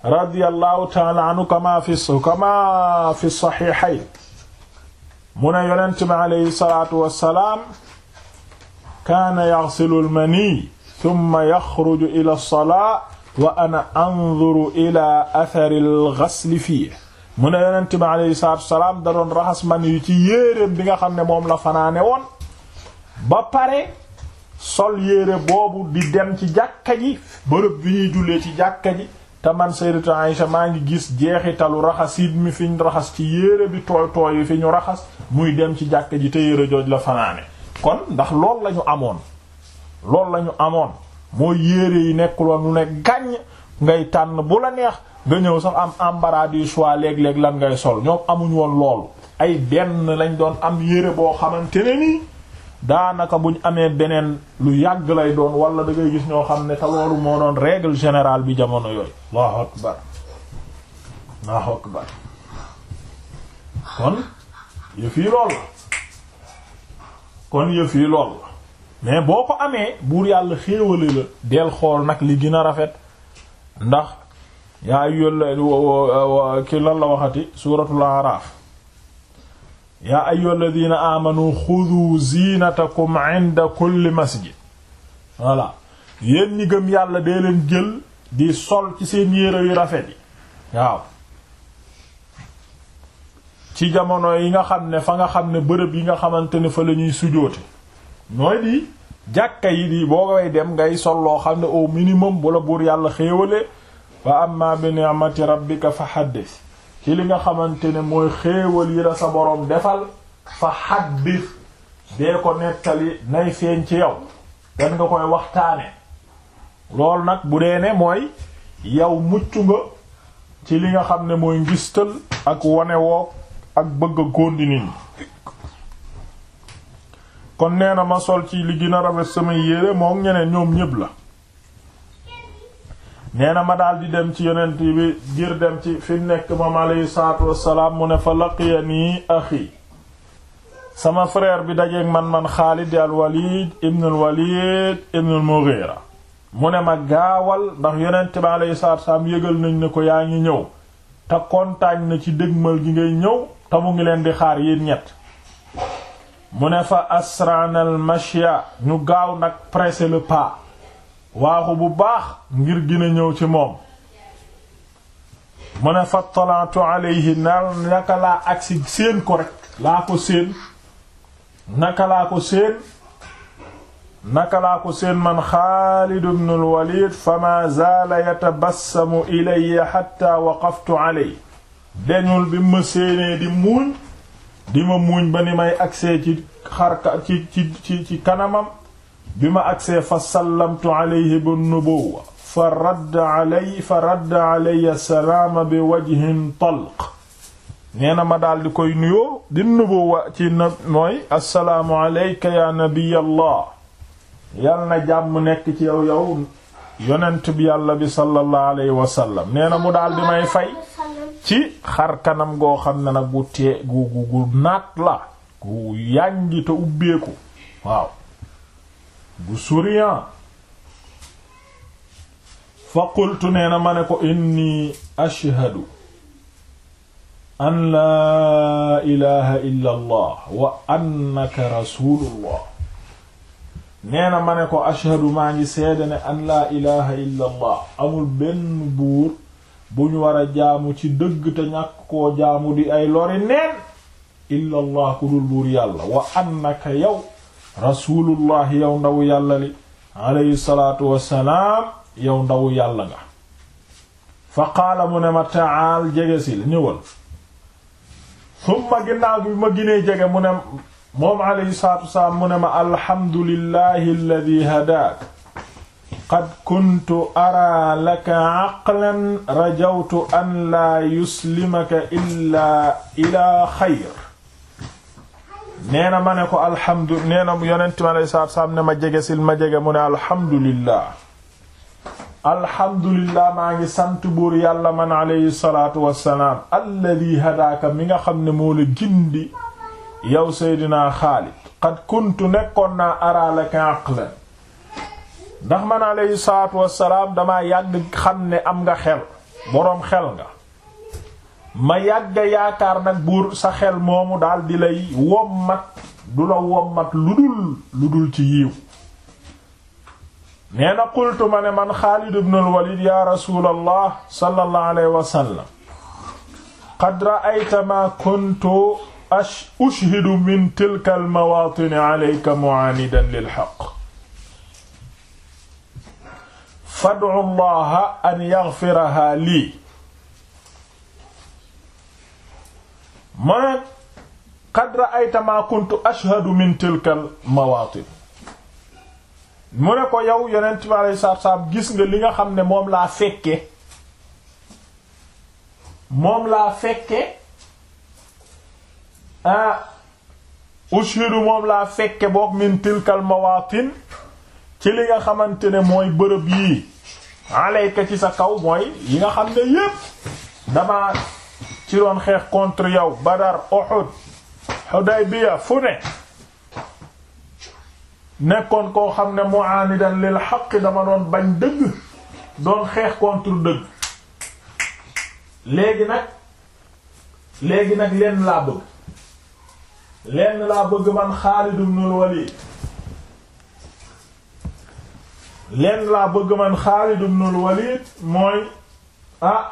radiyallahu taala anhu kama fi kama fi saxiixayn mu ne yonent bi alayhi salaatu wassalaam kaana yaxsilu almani summa yaxruju ila alsalaa wa ana anzuru ila athari alxasli fii mu ne yonent bi alayhi salaatu wassalaam da doon raxas man yu ci yéeréem bi nga xam ne moom la fanaane woon ba pare sol yére boobu di dem ci jàkka ji bërëb bi ñuy jullee ci jàkka ji te man Sayyidatu maa ngi gis jeexitalu raxasit mi fi ñu raxas ci yére bi tooy tooy yi fi ñu raxas muy dem ci jàkka ji te yére jooj la fanaane kon ndax lool lañu amoon lool lañu amoon mooy yére yi nekkuloon lu ne gàññ ngay tànn bu la neex nga ñëw sax am embarras du choix léeg lan ngay sol ñoom amuñ woon loolu ay benn lañ doon am yére boo xamante ne nii daanaka buñ amee beneen lu yàgg lay doon wala da ngay gis ñoo xam ne te loolu moo doon règle générale bi jamono yooyu allahu akbar allahu akbar kon yëf lool la kon yëf lool la mais boo ko amee buur yàlla xéewale la del xool nag li gën a rafet ndax yaa yolla ki lan la waxati suuratul araaf yaa ayyuha alladina aamanu xudu ziinatakum inda kulli masjid voilà yéen ñi gëm yàlla dee leen jël di sol ci seen yére yu rafet yi waaw ci jamono yi nga xam ne fa nga xam ne bërëb yi nga xamante ne fa lañuy ñuy sujoote mooy di jàkka yi di boo koy dem ngay sol loo xam ne au minimum bu la buur yàlla xéewale wa amma bi ni'mati rabbika fa haddith ci li nga xamante ne mooy xéewal yi la sa boroom defal fa xaddis dee ko nettali nay feeñ ci yow dan nga koy waxtaane lool nag bu dee ne mooy yow mucc nga ci li nga xam ne mooy ngistal ak wane woo ak bëgg a góondi nit kon nee na ma sol ci li gën a rafet samay yére moom ñeneen ñoom ñëpp la nee na ma daal di dem ci yonent bi ngir dem ci fi nekk moom alayhi salaatu wassalaam mu ne fa laqiyani axi sama frère bi dajeeg man man Xaalid al Walid ibn al Walid ibn mu ne ma gaawal ndax yonent bi alayhi salaatu wassalaam yëgal nañ ne ko yaa ngi ñëw te kontaan na ci dëgmal gi ngay ñëw te mu ngi leen di xaar yéen ñett mu ne fa asranal mashya ñu gaaw nag presser le pas waaxu bu baax ngir gën a ñëw ci moom mu ne fattalaatu alayhi nar naka laa ko rek laa ko séen naka laa ko séen man Xaalid ibn al-Walid fama zaala yatabassamu ilayya hatta waqaftu alayhi deñul bi ma séenee di muuñ di ma muuñ ba ni may agsee ci ci kanamam bi ma agsee fa sallamtu alayhi binnubuwa fa radda alay fa radda alay salaama bi wajhin talq nee na ma daal koy nuyoo di nubuwa ci na mooy assalaamu alayka ya nabiyallah yal na jàmm nekk ci yow yow yonent bi yàlla bi sallallahu alayhi wa nee na mu daal di may fay ci xar kanam goo xam ne na gu tee gu gu gu naat la gu yàngi te ubbeeku waaw bu souriant fa qultu nee na ko inni ashhadu an laa ilaha illa allah wa annaka rasulullah nee na ma ko ashhadu maa ngi seede ne an laa ilaha illa amul benn buur bu ñu wara a jaamu ci dëgg te ñàkk jaamu di ay lori neen illa allah ku dul buur yàlla wa annaka yow rasulullah yow ndaw yàlla li aleyhi salaatu wassalaam yow ndaw yàlla nga fa qaala mu ne ma taal jegesil ñëwal summa ginnaaw bi ma ginee jege mu ne moom aleyhi salaatu wassalaam mu ne ma alhamdulillahi alladi hadaak qad kuntu araa laka aqlan rajawtu an laa yuslimaka illaa ilaa xayr neena na ma ne ko alhamdu nee na yonent mi alayhi salaatu salaam ne ma jege sil ma jege mu ne alhamdulillah alhamdulillah maa ngi sant buur yàlla man alayhi salaatu wassalaam alladi hadaaka mi nga xam ne moo la gindi yow seydinaa Xaalid qad kuntu nekkoon naa araalaka aqlan ndax man alayhi salaatu wassalaam dama yàgg xam ne am nga xel boroom xel nga ma yàgga yaakaar nag buur sa xel moomu daal di lay wommat du la wommat lu dul lu dul ci yiiw nee na qultu ma ne man Xaalid ibn al-Walid ya rasulallah sallallahu alayhi wa sallam qad ra'ayta ma kuntu ushhidu min tilka al-mawaatin alayka mu'aanidan lil-haqq fad'u Allaha an yaghfiraha lii mu ne qad ra'ayta ma kuntu min tilkal mawaatin mu ne ko yow yonent bi alayhi salaatu salaam gis nga li nga xam ne moom laa fekke moom laa fekke ah ushiru moom laa fekke boog min tilkal mawaatin ci li nga xamante ne mooy bërëb yii alayka ci sa kaw mooy yi nga xam ne yépp damaa ci doon xeex contre yow Badar Uhud Hudaybiya fu ne nekkoon koo xam ne mu'aanidan lil haqq dama doon bañ dëgg doon xeex contre dëgg léegi nag léegi nag lenn laa bëgg lenn laa bëgg man Xaalid ibnul Waliid lenn laa bëgg man Xaalid ibnul Waliid mooy ah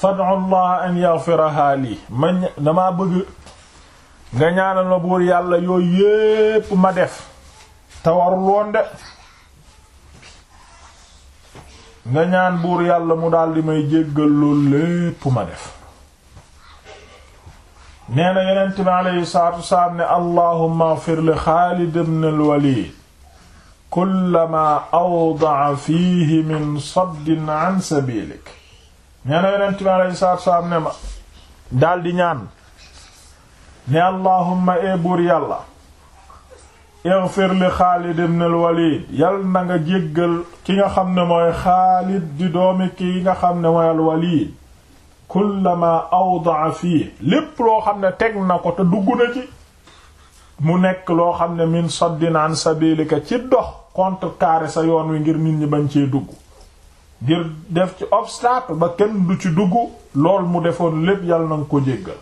fad'u allah an yaghfiraha lii ma bëgg nga ñaanal buur yàlla yooyu yépp ma def woon de nga ñaan buur yàlla mu daldi may jéggal loolu lépp ma def nee na yonent bi aleyhi salaatu wasalaam ne allahumma ighfir li xaalid ibn al-walid kullama awda'a min saddin an sabilik nee na yonent bi daldi ñaan ne allahumma ee buur yàlla ighfir xaalid ibn yal na nga jéggal ki nga xam ne mooy xaalid di doomi ki nga xam ne mooy al walid awda fii lépp loo xam ne teg na ko te dugg na ci mu nekk loo xam ne min saddin an sabilika ci dox contrecarrer sa yoon wi ngir nit ñi bañ cee dugg ngir def ci obstacle ba kenn du ci dugg lool mu defoon lépp yàlla na nga ko jéggal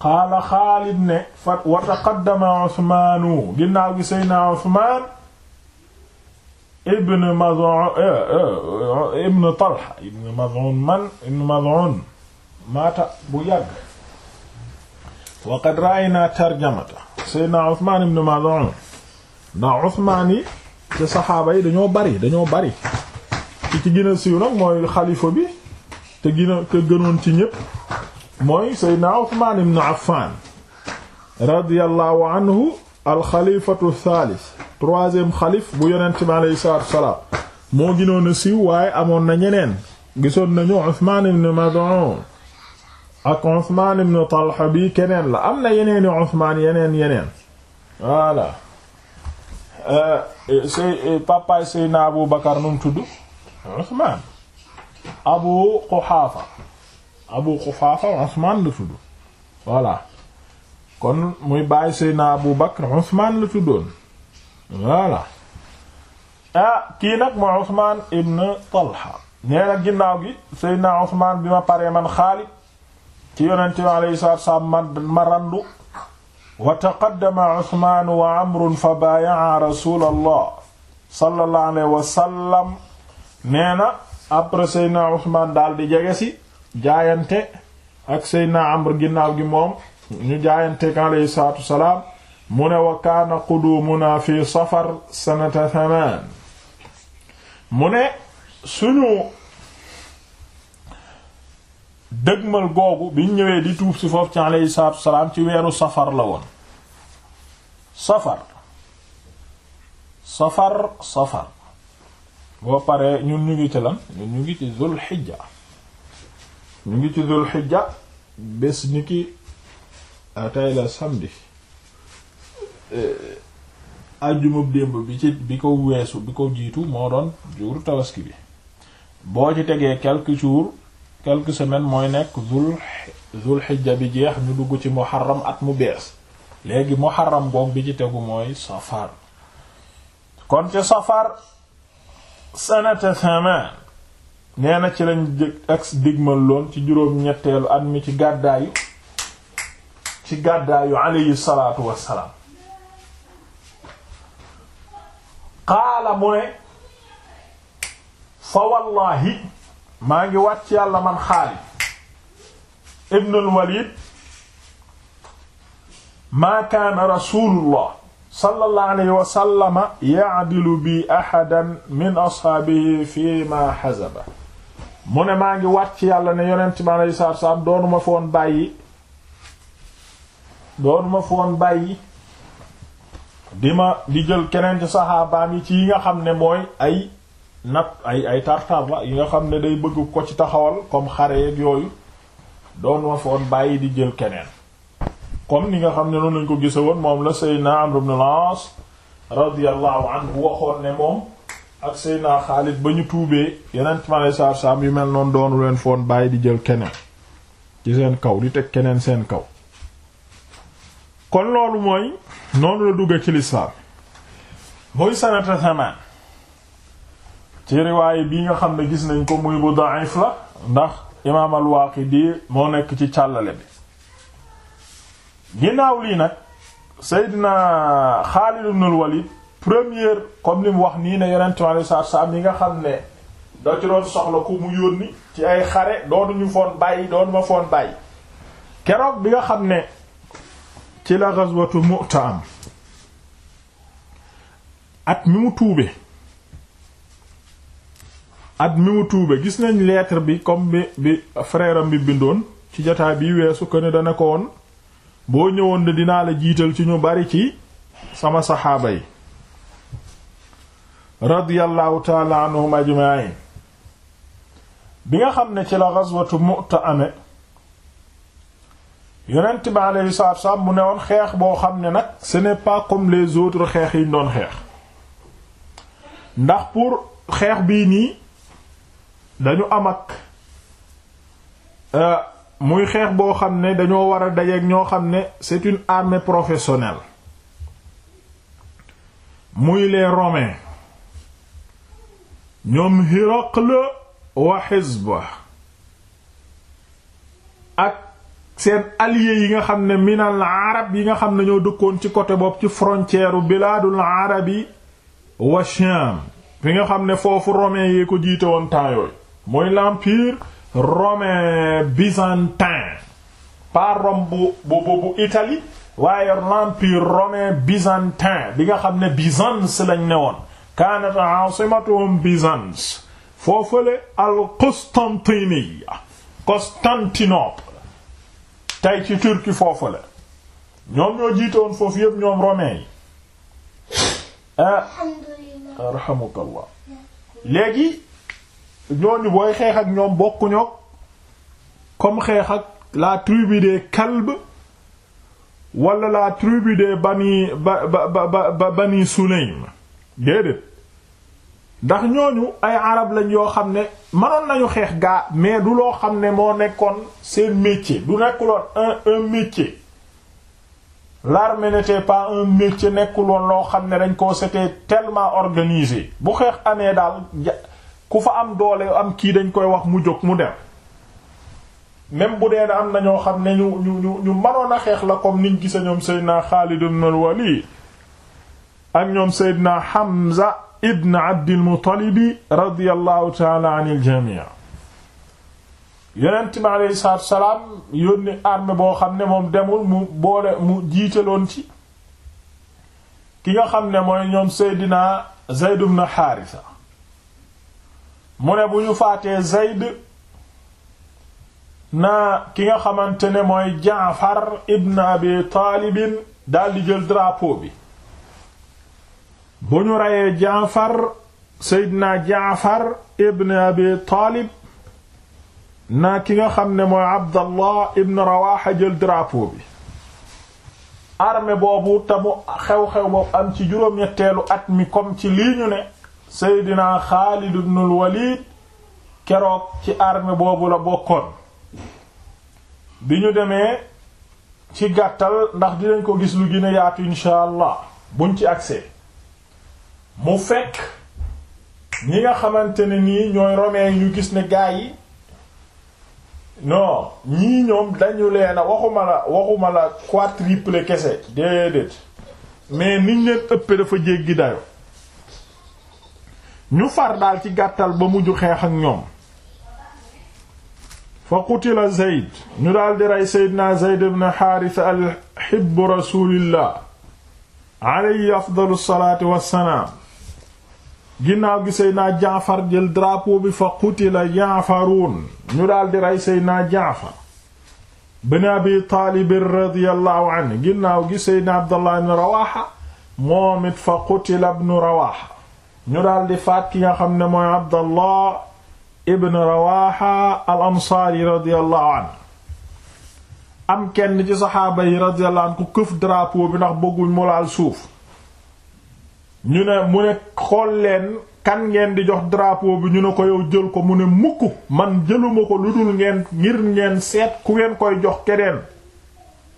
qaala xaalid ne fa wa taqaddama usmaanu ginnaaw gi seydna usmaan ibn maz'un eh, eh, ibn talha ibn maz'un man ibn maz'un maata bu yàgg wa qad ra'ayna tarjamata seydna usmaan ibn maz'un ndax usmaan yi te saxaaba yi dañoo bari dañoo bari ki ci gën a siiw nag mooy xalifa bi te gën gënoon ci ñépp mooy Seydina Usmaan ibn Affan radiyallahu anhu alxalifatu thalith xalif bu yonent bi aleyhi salaatu wasalaam moo gënoon a siiw waaye amoon na ñeneen gisoon nañu Usmaan ibn Mad'un ak Usmaan ibn Talha bi keneen la am na yeneeni Usmaan yeneen yeneen voilà euh, euh, papaay Seydina Abu Bakar nu mu tudd Usmaan Abu Quhaafa Abu Quhaafa Usmaan la tudd voilà kon muy bàyyi Seydina Abu Bakr Usmaan la tuddoon voilà ah kii nag moo Usmaan ibn Talha nee nag ginnaaw gi Seydina Usmaan bi ma paree man Xaalid ci yonente bi alayhi salaatu wa salaam ma randu wa taqaddama Usmaan wa Amrun fa baaya'a rasuulallah sallallahu alayhi wa sallam nee na après Seydina Usmaan daal di jege si jaayante ak Seydina Amr ginnaaw gi moom ñu jaayante kan alayhi salaatu salaam mu ne wa kaana fi safar sanata thamaan mu ne suñu dëgmal googu biñ ñëwee di tuub si foofu ci alayhi salaatu salaam ci weeru safar la woon boo paree ñun ñu ngi ci lan ñun ñu ngi ci zul xija ñu ngi ci zul xijja bés niki ki ah, tey la samedi eh, démb bi ci bi ko weesu bi ko jiitu moo doon jour tabaski bi boo ci tegee quelques jours quelques semaine mooy nekk zul zul xijja bi jeex ñu dugg ci muharram at mu bees léegi muharram boog bi ci tegu mooy safar kon ci safar sanata samaan nee na ci lañ dég ak digmal loon ci juróom-ñetteelu at mi ci gàddaayu ci gàddaayu alayhi salaatu wassalaam qaala mu ne fa wallaahi maa ngi wàcc yàlla man Xaalid ibnul Waliid maa kaana rasuulullah sallallahu alayhi wa sallama yaadilu bi ahadan min ashaabihi fi ma hazaba mu ne maa ngi waat ci yàlla ne yonent mi alayhi salaatu salaam doonuma foon bàyyi doonuma foon bàyyi di ma di jël keneen ci saxaabaam yi ci yi nga xam ne mooy ay nat ay ay tartar la yi nga xam ne day bëgg ko ci taxawal comme xare yeeg yooyu doonuma foon bàyyi di jël keneen comme ni nga xam ne noonu lañ ko gise woon moom la Seydina Amr ibn al-As radiyallahu anhu waxoon ne moom ak Seydina Xaalid ba ñu tuubee yeneen ci ma yu mel noonu doonu leen foon bàyyi di jël keneen seen kaw di teg keneen seen kaw kon loolu mooy noonu la dugg ci lislaam muy sanata samaan ci riwaay bii nga xam ne gis nañ ko muy bu da'if la ndax imaam al-Waaqidi moo nekk ci càllale bi ginnaaw lii nag Seydina Xaalid ibn al-Walid première comme li mu wax nii ne yonent mi alayhi salaatu yi nga xam ne da ci doon soxla ku mu yónni ci ay xare doonuñu foon bàyyi doonu ma foon bàyyi keroog bi nga xam ne ci la ghazwatu Mu'ta am at mi mu tuube at mi mu tuube gis nañ lettre bi comme bi bi bi bindoon ci jotaay bi weesu que ne dana ko woon boo ñëwoon de dinaa la jiital ci ñu bari ci sama saxaaba yi radiyallahu taala anhum bi nga xam ne ci la ghazwatu Mu'ta amee yonent bi alayhi salaatu wa mu ne woon xeex boo xam ne nag ce n'est pas comme les autres xeex yi ñu doon xeex ndax pour xeex bii nii dañu am ak euh, muy xeex boo xam ne dañoo war a dajeek ñoo xam ne c'est une armée professionnelle muy les romains ñoom Hiraql wa Hizba ak seen alliés yi nga xam ne minal arab yi nga xam ne ñoo dëkkoon ci côté bopp ci frontière u bilaadul arabi wa Sham fi nga xam ne foofu rome yee ko jiite woon temps yooyu mooy romain byzantin pas Rome bu bu bu Italie waaye l'empire romain byzantin bi nga xam ne Byzance lañ ne woon kaanat aasimatuhum Byzance foofale al Constantiniya Constantinople tey ci Turquie foofale ñoom ñoo jiitoon foofu yépp ñoom romain yi eh? alhamdulillah ñooñu booy xeex ak ñoom bokkuñoo comme xeex ak la tribu des Kalb wala la tribu des bani ba ba ba bani déedéet ndax ñooñu ay arab lañ yoo xam ne mënoon nañu xeex gaa mais du loo xam ne moo nekkoon seen métier du nekkuloon un un métier l'armée n'était pas un métier nekkuloon loo xam ne dañ ko c'était tellement organisé bu xeex amee daal ku fa am doole am kii dañ koy wax mu jóg mu dem même bu dee am na ñoo xam ne ñu ñu ñu mënoon a xeex la comme niñ gisa ñoom Seydina Xaalid ibn al ak ñoom Seydina Hamza ibn Abdil Muttalib radiyallahu ta'ala anil jami' yonent bi aleyhi salaatu boo xam ne moom demul mu boole mu jiitaloon ci ki nga xam ne mooy ñoom Seydina Zayd ibn Haarisa mu ne bu ñu faatee Zayd na ki nga xamante ne mooy Jaafar ibn Abi Taalib daldi jël drapeau bi bu ñu reyee Jaafar Seydina Jaafar ibn Abi Taalib na ki nga xam ne mooy Abdallah ibn Rawaha jël drapeau bi armée boobu te xew-xew boobu am ci juróom-ñetteelu at mi comme ci lii ne seydinaa Xaalid ibnul Waliid keroog ci armée boobu la bokkoon bi ñu demee ci gàttal ndax dinañ ko gis lu gën a yaatu insha allah buñ ci agsee mu fekk ñi nga xamante ne nii ñooy romain ñu gis ne gaa yi non ñii ñoom dañu leena waxuma la waxuma la quadruple kese déedéet mais niñ leen ëppee dafa jéggi dayo ñu far daal ci gàttal ba mujj xeex ak ñoom fa qutila zeyd ñu daal di rey seydina zeyd ibn xaarisa alxibbu rasulillah alayhi afdalu salaati wassalaam ginnaaw gi seydina jaafar jël drapeau bi fa qutila jaafaruun ñu daal di rey jaafar bin abi taalibin radiyallahu anhu ginnaaw gi seydina abdallah ibn rawaxa moom fa qutila ibn rawaxa ñu daldi faat ki nga xam ne mooy Abdallah ibn Rawaha al ansaari radiyallahu anhu am kenn ci saxaaba yi radiyallahu anhu ku këf drapeau bi ndax bëgguñ mu suuf ñu ne mu ne xool leen kan ngeen di jox drapeau bi ñu ne ko yow jël ko mu ne mukk man jëluma ko lu dul ngeen ngir ngeen seet ku ngeen koy jox keneen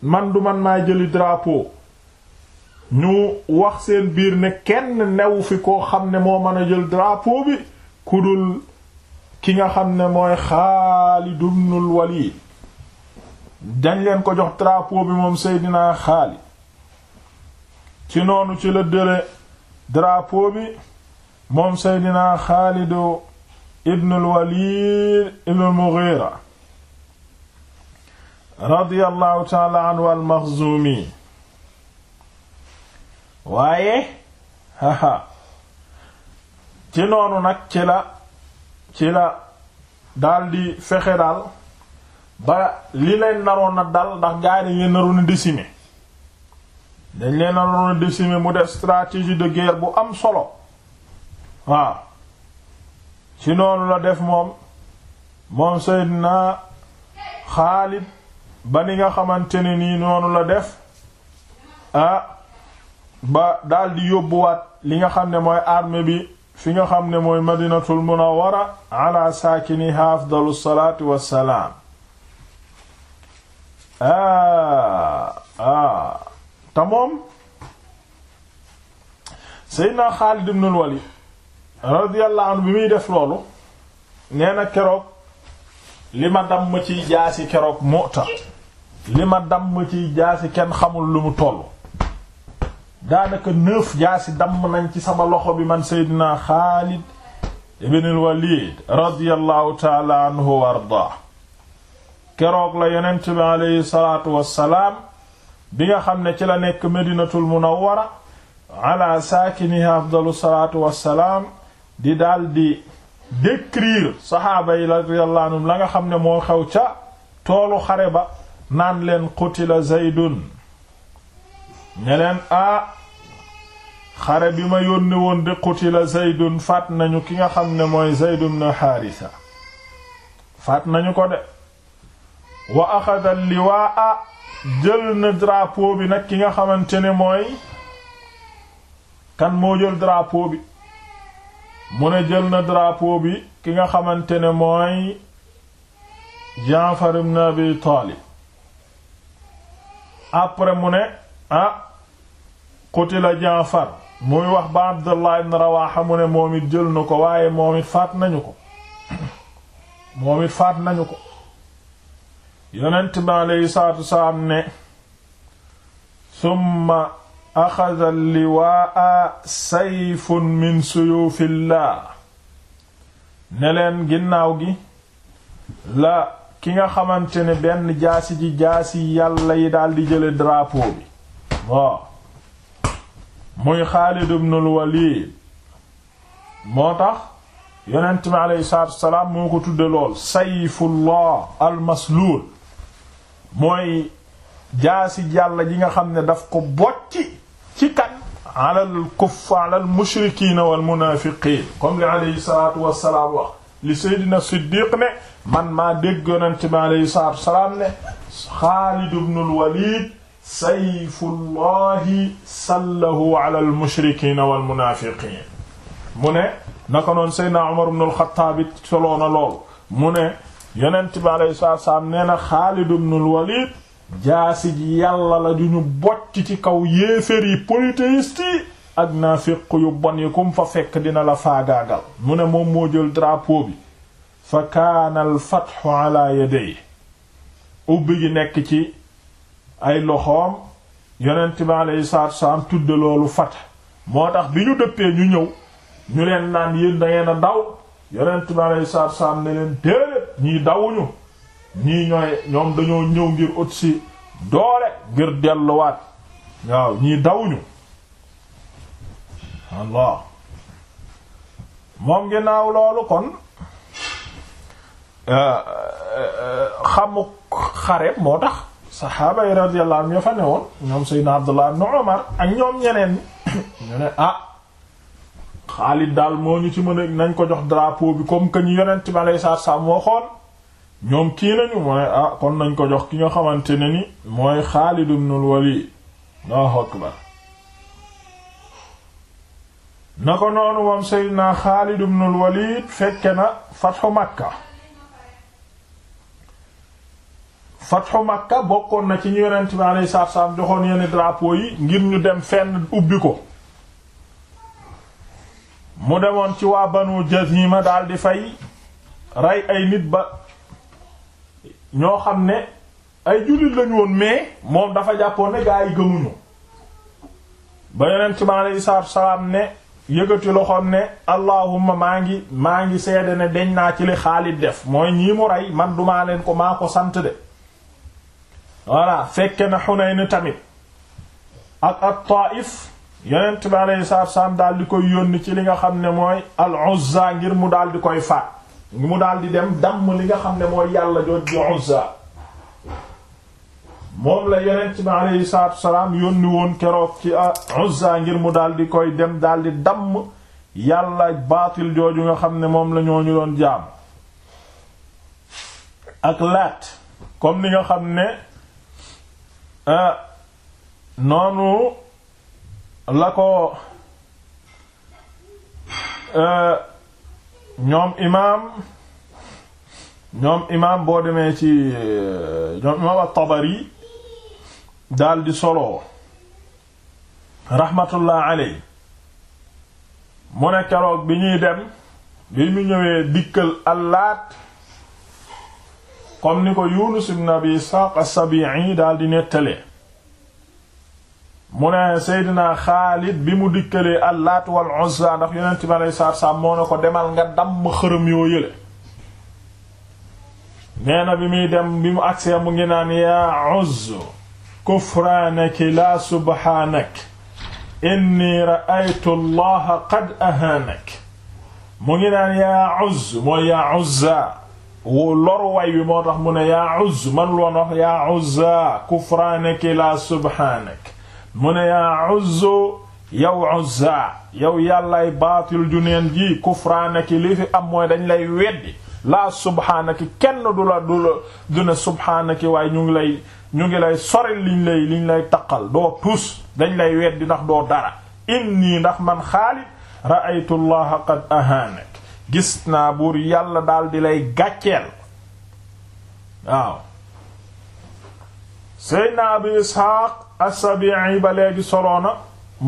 man du man maa jëli drapo ñu wax seen biir ne kenn new fi koo xam ne moo mën a jël drapeau bi ku ki nga xam ne mooy Xaalid ibnul Walid dañ leen ko jox drapeau bi moom Seydina Xaalid ci noonu ci la dëre drapeau bi moom Seydina Xaalid ibnul Walid ibnul Mughira radiyallahu ta'ala anhu al waaye haha ci noonu nag ci la ci la daldi fexe daal ba li leen naroon nag dal ndax gaa yi dañ leen naroon a dañ leen naroon a décimer mu def stratégie de guerre bu am solo waaw ci noonu la def moom moom na Xaalid ba li nga xamante ne nii noonu la def ah ba daldi yóbbuwaat li nga xam ne mooy armée bi fi nga xam ne mooy madinatul munawwara ala saakiniha afdalu salaatu wassalaam aa ah, aa ah. te moom seydna Xaalid ibnul Walid radiyallahu anhu bi muy def loolu nee keroog li ma damm ciy jaasi keroog Mu'ta li ma damm ciy jaasi kenn xamul lu mu tollu daanaka neuf jaasi damm nañ ci sama loxo bi man seydina Xaalid ibn al-Walid radiyallahu taala anhu wa ardaa keroog la yonent bi aleyhi salaatu wassalaam bi nga xam ne ci la nekk Medinatul Munawwara ala saakiniha afdalu salaatu wassalaam di daldi décrire saxaaba yi radiyallahu la nga xam ne moo xew ca toolu xare ba naan leen qutila Zaydun ne leen a ah, xare bi ma yónni woon di qutila zaydun faat nañu ki nga xam ne mooy zayd ibn xaarisa faat nañu ko de wa axada liwaa jël na drapeau bi nag ki nga xamante ne mooy kan moo jël drapeau bi mu ne jël na drapeau bi ki nga xamante ne mooy Jaafar ibn Abi Taalib après mu ne ah qutila Jaafar muy wax ba Abdullah ibn Rawaha mu ne moom it jël na ko waaye moom it faat nañu ko moom faat nañu ko yonent bi aleyhi salaatu wasalaam ne summa axada liwaa sayfun min suyuufillah ne leen ginnaaw gi la ki nga xamante ne benn jaasi ji jaasi yàlla yi daldi jële drapeau bi muy Xaalid ibnul Waliid moo tax yonent bi aleyhi salaatu wasalaam moo ko tudde lool sayfullah almasluul mooy jaasi yàlla ji nga xam ne daf ko bocci ci kan alal kuffaar alal mushrikiina wal munaafiqiin comme li aleyhi salaatu wasalaam wax li Seydina Siddiq ne man maa dégg yonent bi aleyhi salaatu ne Xaalid ibnul Waliid sayfullahi sallahu ala almushrikina walmunafiqin mu ne naka noon seydna umar ibn al-Khattab soloona lool mu ne yonent salaam nee Xaalid ibn al-Walid jaasi ji yàlla la du ñu ci kaw yéefér yi polythéistes yi ak naafiq fa fekk dina la faagaagal mu ne moom moo jël bi fa kaana al ala yadayhi ubbi gi ci ay loxoom yonent bi alayhi salaatu salaam tudde loolu fat moo tax bi ñu dëppee ñu ñëw ñu leen naan yéen da ngeen a daw yonent bi alayhi salaatu salaam ne leen déedéet ñii dawuñu ñii ñooy ñoom dañoo ñëw ngir ut si doole ngir delluwaat waaw ñii dawuñu Allah moom ginnaaw loolu kon euh, euh, euh, xamuk xare moo tax saxaaba yi radiyallahu anhum ñoo fa newoon ñoom Seydina Abdullah ibn Umar ak ñoom ñeneen [coughs] ñu ne ah Xaalid daal moo ñu ci mën nañ ko jox drapeau bi comme que ñu yonent bi alayhi salaatu salaam waxoon ñoom kii nañu mu ah kon nañ ko jox ki nga xamante ne ni mooy Xaalid ibn al-Walid Allahu akbar na ko noonu moom Seydina Xaalid ibn al fekke na fathu Makka fatxu makka bokkoon na ci ñu yonent bi alayhi salaatu joxoon yenn drapeau yi ngir ñu dem fenn ubbi ko mu demoon ci waa banu jazima daal di fay rey ay nit ba ñoo xam ne ay jullit lañu woon mais moom dafa jàppoon ne gaa yi gëmuñu ba yonent bi salaam ne yëgati loxoom ne allahumma maa ngi maa ngi seede ne deñ naa ci li Xaalid def mooy ñii mu rey man dumaa leen ko maa ko sant de voilà fekke na Xunayn tamit ak ak Taif yonent bi alayhi salaatu salaam daal di koy yónni ci li nga xam ne mooy al-Uzza ngir mu daal di koy faat mu daal di dem damm li nga xam ne mooy yàlla jooj di Uzza moom la yonent bi alayhi salaam yónni woon keroog ci Uzza ngir mu daal di koy dem daal di damm yàlla baatil jooju nga xam ne moom la ñoo ñu doon jaam ak laat comme ni nga xam ne. Ah, noonu la ko ah, ñoom imaam ñoom imaam boo demee ci eh, ñoom imaam at-Tabari daldi solo rahmatullah aley mu ne keroog bi ñuy dem bi mu ñëwee dikkal allaat comme ni ko Yunus ibn Abi Ishaq as-Sabi'i daal di nettale mu ne Seydina Xaalid bi mu dikkalee Allaat wal Uzza ndax yonent bi aleyhi salaatu salaam moo ne ko demal nga damm xërëm yoo nee na bi muy dem bi mu agsee mu ngi naan yaa Uzz kufraanaki laa subhaanak inni ra'aytu Allaha qad ahaanak mu ngi naan yaa Uzz mooy yaa Uzza loru way wi moo tax mu ne yaa Uzz man loo wax yaa Uzza kufraanaki la subhaanak mu ne yaa Uzz yow Uzza yow yàllaay baatil ju neen ji kufraanaki li fi am mooy dañ lay weddi laa subhaanaki kenn du la du la du ne waaye ñu ngi lay ñu ngi lay sori liñ lay liñ lay taqal doo tus dañ lay weddi ndax doo dara inni ndax man Xaalid ra'aytu Allaha qad ahaana gis naa buur yàlla daal di lay gàcceel waaw seydna abi isxaaq assabii ba léegi soloona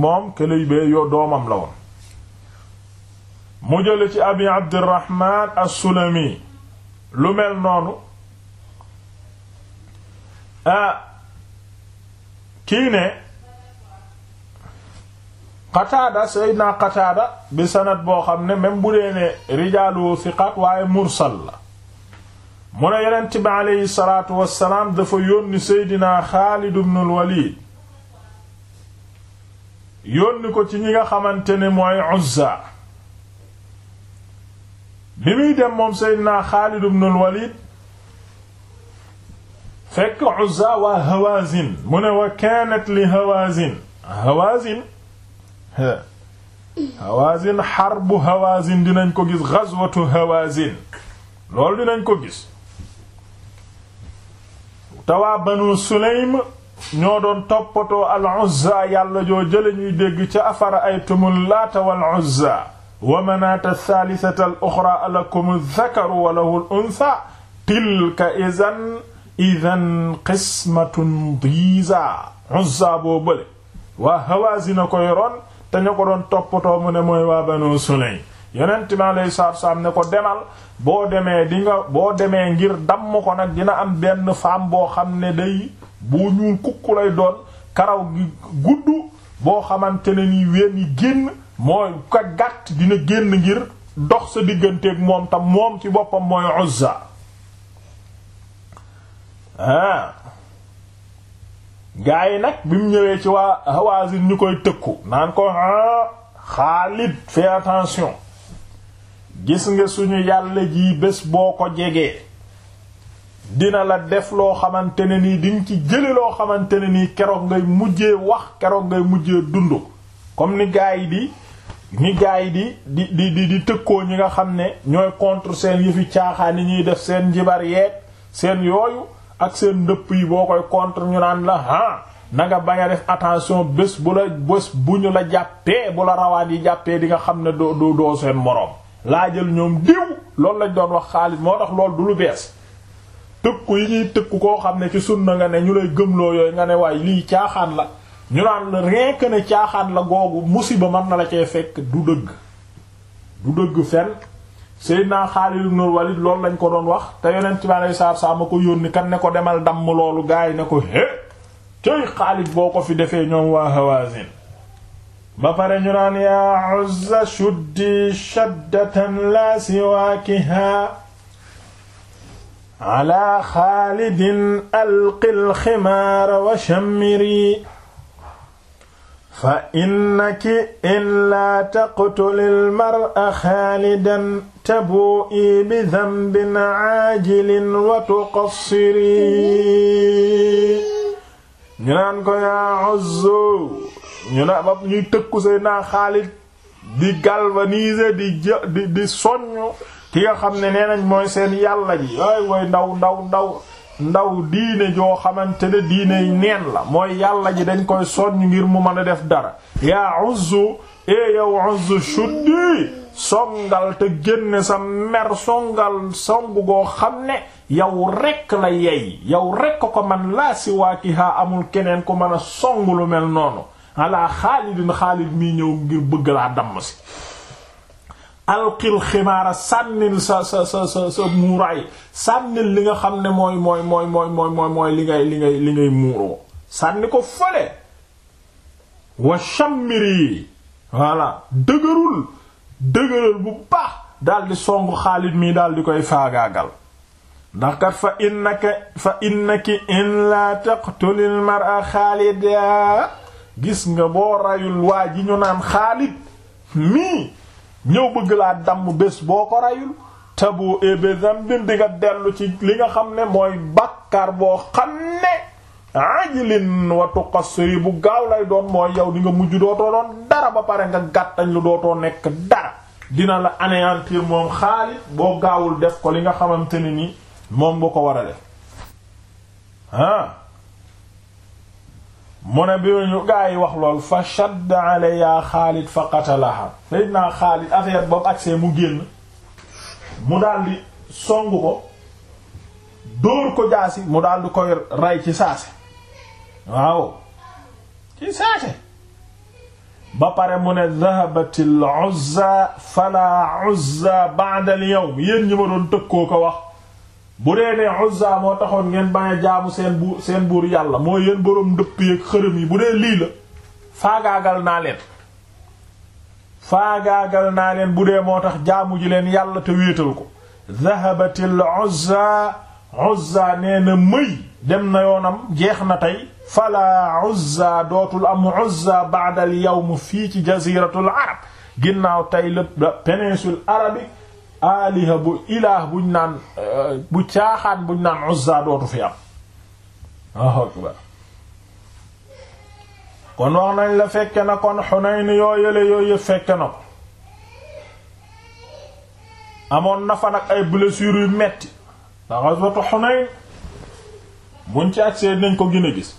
moom këlëy bee yoo doomam la woon mu jële ci abi abdirahman assulami lu mel noonu ah kii ne qataada sayyidina qataada bi sanad boo xam ne même bu dee ne rijaalu thiqat waaye mursal mu ne yonent bi aleyhi salaatu wassalaam dafa yónni sayyidina Xaalid ibn al yónni ko ci ñi nga xamante ne mooy Uzza bi muy dem moom sayyidina Xaalid ibn al-Walid fekk Uzza waa Hawazin mu ne wa kaanat li Hawazin Hawazin hawazin harbu hawazin dinañ ko gis ghazwatu hawazin loolu dinañ ko gis tawaa banu sulaym ñoo doon toppatoo al uzza yàlla joo jële ñuy dégg ca afara aytumul laata wal uzza wa manaata thalithata al uxra alakum dhakaru wa lahu al untha tilka izan idan qismatun diiza uzza boo bële waa hawazin a koy ron te ko doon toppatoo mu ne mooy waa Banu Sulaym yonent mi alayhi salaatu ne ko demal boo demee di boo demee ngir damm ko nag dina am benn femme boo xam ne day bu ñuul kukku lay doon karaw gi gudd boo xamante ne ni ween génn mooy ka gàtt dina génn ngir dox sa digganteeg moom tam moom ci boppam mooy Uzza ah. gaa yi nag bi mu ñëwee ci waa Hawazin ñu koy tëkku naan ko ah Xaalid fais attention gis nga suñu yàlla ji bés boo ko jegee dina la def loo xamante ne nii di ci jële loo xamante ne nii keroog ngay mujjee wax keroog ngay mujjee dund comme ni gaay yi di ni gaa yi di di di di tëkkoo ñi nga xam ne ñooy contre seen yëfi caaxaan yi ñuy def seen njibar yeeg seen yooyu ak seen ndëpp yi boo koy contre ñu naan la ah na nga bañ a def attention bés bu la bés bu ñu la jàppee bu la rawaan yi jàppee di nga xam ne doo doo seen moroom laa jël ñoom diw loolu lañ doon wax Xaalid moo tax loolu du lu bees tëkku yi ñuy tëkku koo xam ne ci sunna nga ne ñu lay gëmloo yooyu nga ne waaye lii caaxaan la ñu naan la rien que ne caaxaan la googu musiba mën na la cee fekk du dëgg du dëgg fenn Seydina Xaalid ibn Walid loolu lañ ko doon wax te yonent bi alayhi salaatu salaam ma ko yónni kan ne ko demal damm loolu gaay ne ko hé cëy Xaalid boo ko fi defee ñoom waa Hawaazin ba pare ñu naan yaa Uzza shuddi shaddatan laa siwaakihaa alaa Xaalidin wa shammiri fa in laa taqtulil mar'a xaalidan tabu'i bi dhanbin aajilin wa tuqassiri ñu naan ko yaa Uzzu ñu na ba ñuy tëkku say naa Xaalid di galvaniser di di di soññ ki nga xam ne nee nañ mooy seen yàlla ji ay woy ndaw ndaw ndaw ndaw diine joo xamante ne diine yi neen la mooy yàlla ji dañ koy soññ ngir mu mën a def dara yaa Uzzu e yow Uzzu shuddi songal te génne sa mer songal song goo xam ne yow rekk la yey yow rekk ko man laa si waakiha amul keneen ko mën a song lu mel noonu alaa xaalidin xaalid mi ñëw ngir bëgg laa damm si alqil ximaara sànnil sa sa sa sa sa muuraay sànnil li nga xam ne mooy mooy mooy mooy mooy mooy li ngay li ngay muuroo sànni ko fële wa shammiri voilà dëgërul dëgëral bu baax daldi songu Xaalid mi daldi koy faagaagal ndax kat fa innaka fa innaki in la taqtulil mar'a Xaalida gis nga boo rayul waa ji ñu naan Xaalid mii ñëw bëgg laa damm bés boo ko rayul tabu ebe zambin di nga dellu ci li nga xam ne mooy bàkkaar boo xam ne ajlin wa tuqassiri bu gaaw lay doon mooy yow di nga mujj dootoo doon dara ba pare nga gàttañ lu dootoo nekk dara dina la anéantir moom Xaalid boo gaawul def ko li nga xamante ne ni moom nga ko war a def ah. mu ne bi ñu gaa yi wax lool fa shadda alayya Xaalid fa qatalaha sayyidina Xaalid affaire boobu agsee mu génn mu daldi songu ko dóor ko jaasi mu daldi koy rey ci saase waaw ci saate ba pare mu ne dhahabatil uzza fala uzza ba'da al yawm ñi ma doon tëkkoo ko wax bu dee ne uzza moo taxoon ngeen bañ jaamu seen buur seen buur yàlla moo yéen boroom ndëpp yeeg xërëm yi bu dee lii la faagaagal naa leen faagaagal naa leen bu dee moo tax jaamu ji leen yàlla te wéetal ko dhahabatil uzza uzza nee na mëy dem na yoonam jeex na tey fala uzza fii ci jaziratul arab buñ naan euh, bu buñ naan uzza nañ la fekke na kon amoon na ay blessures yu metti da ghazwatu Hunayn buñ ci agsee nañ ko gën a gis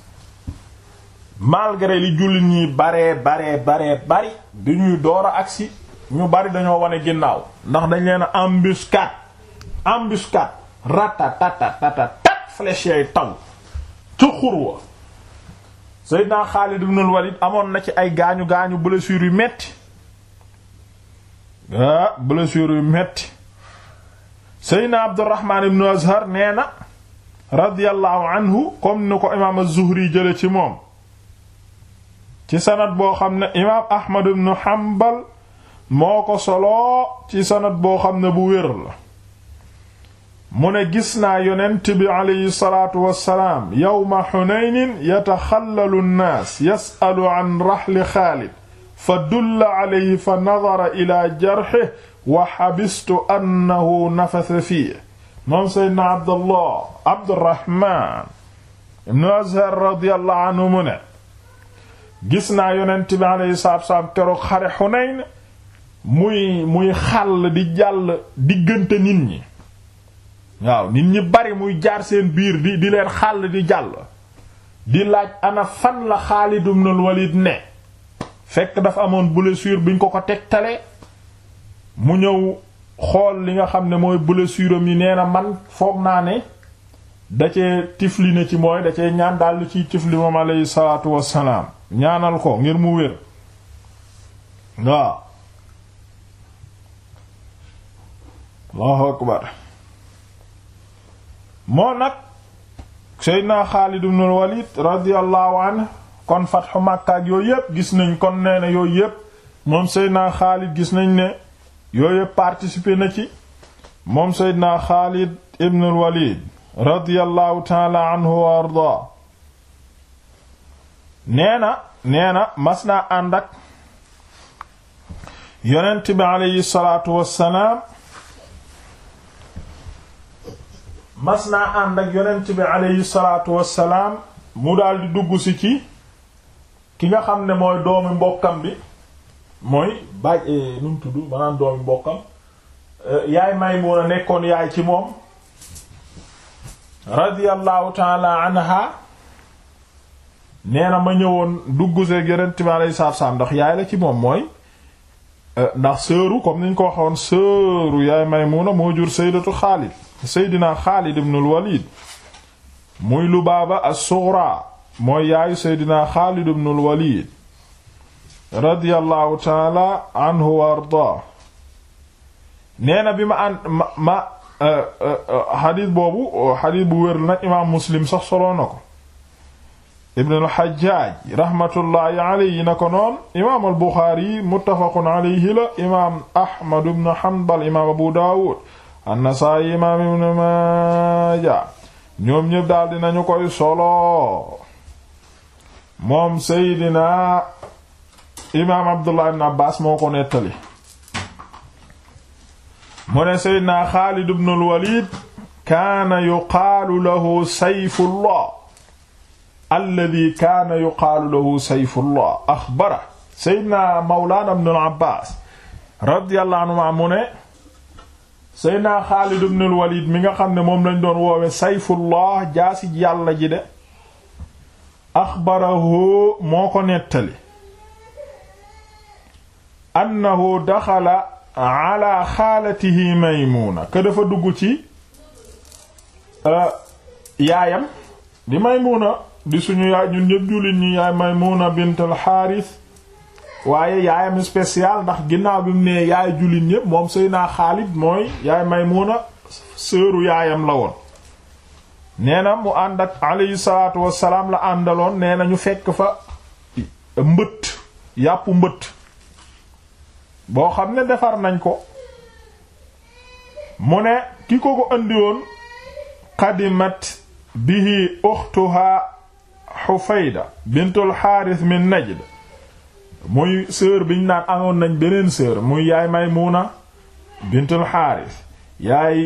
malgré li jullit ñi baree baree baree bari du ñuy door a agsi ñu bari dañoo wane ginnaaw ndax dañ leen a embuscade embuscade ratatatatatatat flèche yay taw ca xurwa Seydina Xaalid ibn Walid amoon na ci ay gaañu gaañu blessures yu metti ah blessures yu metti Seydina Abdurrahman ibn Azhar nee na radiyallahu anhu comme ni ko imaam az jële ci moom ci sanad boo xam ne imaam Ahmad ibn Hanbal moo ko soloo ci sanad boo xam ne bu wér la mu ne gis naa yonent bi aleyhi salaatu wassalaam yawma Hunaynin yataxallalu nnaas yas'alu an raxli Xaalid fa dulla aleyhi fa nadara ila jarxihi wa xabistu annahu nafasa fiihi moom Seydina Abdallah Abdurahmaan ibn Azhar radiyallahu anhu mu ne gis naa yonent bi alayhi salaatu wassalaam keroog xare Xunayn muy muy xàll di jàll diggante nit ñi waaw nit ñi bari muy jaar seen biir di di leen xàll di jàll di laaj ana fan la Xaalid ibn al-Walid ne fekk dafa amoon blessure biñ ko ko teg tale mu ñëw xool li nga xam ne mooy blessure am yi nee na man foog naa ne da cee tifli na ci mooy da cee ñaan daal lu ciy tifli moom aleyhi salaatu wassalaam ñaanal ko ngir mu wér waaw allahu akbar moo nag seydna Xaalid ibn walid radiyallahu anhu kon fatxu Makka ak yooyu yépp gis nañ kon nee na yooyu yépp moom seydna Xaalid gis nañ ne yooyu yépp participer na ci moom seydna Xaalid ibn al-Walid radiyallahu taala anhu wa ardaa nee na mas naa ànd ak yonent bi aleyhi salaatu wassalaam mas naa ànd ak bi aleyhi salaatu wassalaam mu daldi dugg si ci ki nga xam ne mooy doomi mbokkam bi mooy baaj eh, nu mu tudd maanaam doomi mbokkam eh, yaay Maymuna nekkoon yaay ci moom radiyallahu taala anha nee na ma ñëwoon dugg seeg yonent bi alayhi salaatu salaam ndax yaay la ci moom mooy eh, ndax sëru comme niñ ko waxoon sëru yaay Maymuna moo jur sayyidatu Xaalid sayyidina Xaalid ibnul Walid muy Lubaaba as-Sughra mooy yaayu sayyidina Xaalid ibnul Walid radiyallahu taala anhu wa ardaa Euh, euh, euh, xadis boobu xadis bu wér nag imaam muslim sax soloo na ko ibn al-Hajjaj rahmatullahi alayhi na ko noon imaam al-Buxaari muttafaqun alayhi la imaam Ahmad ibn Hanbal imaam Abu Dawud an-Nasaa'i imaam ibn Maaja ñoom ñëpp daal dinañu koy solo moom Seydina imaam Abdullah ibn Abbas moo ko nettali mu ne seydna xaalid ibn alwalid kaana yuqaalu lahu sayfullah alladi kaana yuqaalu lahu sayfullah axbara seydna mawlaana ibn al-abbaas radiyallahu anhuma mu ne seydna xaalid ibn alwalid mi nga xam ne moom lañ doon woowe sayfullah jaasi yàlla ji de axbarahu moo ko nettali annahu daxala ala xaalatihi maymuna que dafa dugg ci euh, yaayam di maymuna di suñu yaay ñun ñëpp jullit ñi yaay maymuna bint al xaaris waaye yaayam spécial ndax ginnaaw bi mu ne yaay jullit ñëpp moom sëy naa xaalid mooy yaay maymuna sëru yaayam la woon nee na mu ànd ak alayhi salaatu wassalaam la àndaloon nee na ñu fekk fa mbëtt yàpp mbëtt boo xam ne defar nañ ko mu ne ki ko ko andi woon qadimat bihi uxtuha xufayda bintul xaaris min najd muy sœur biñ naan amoon nañ beneen sœur muy yaay maymuna bintul xaaris yaay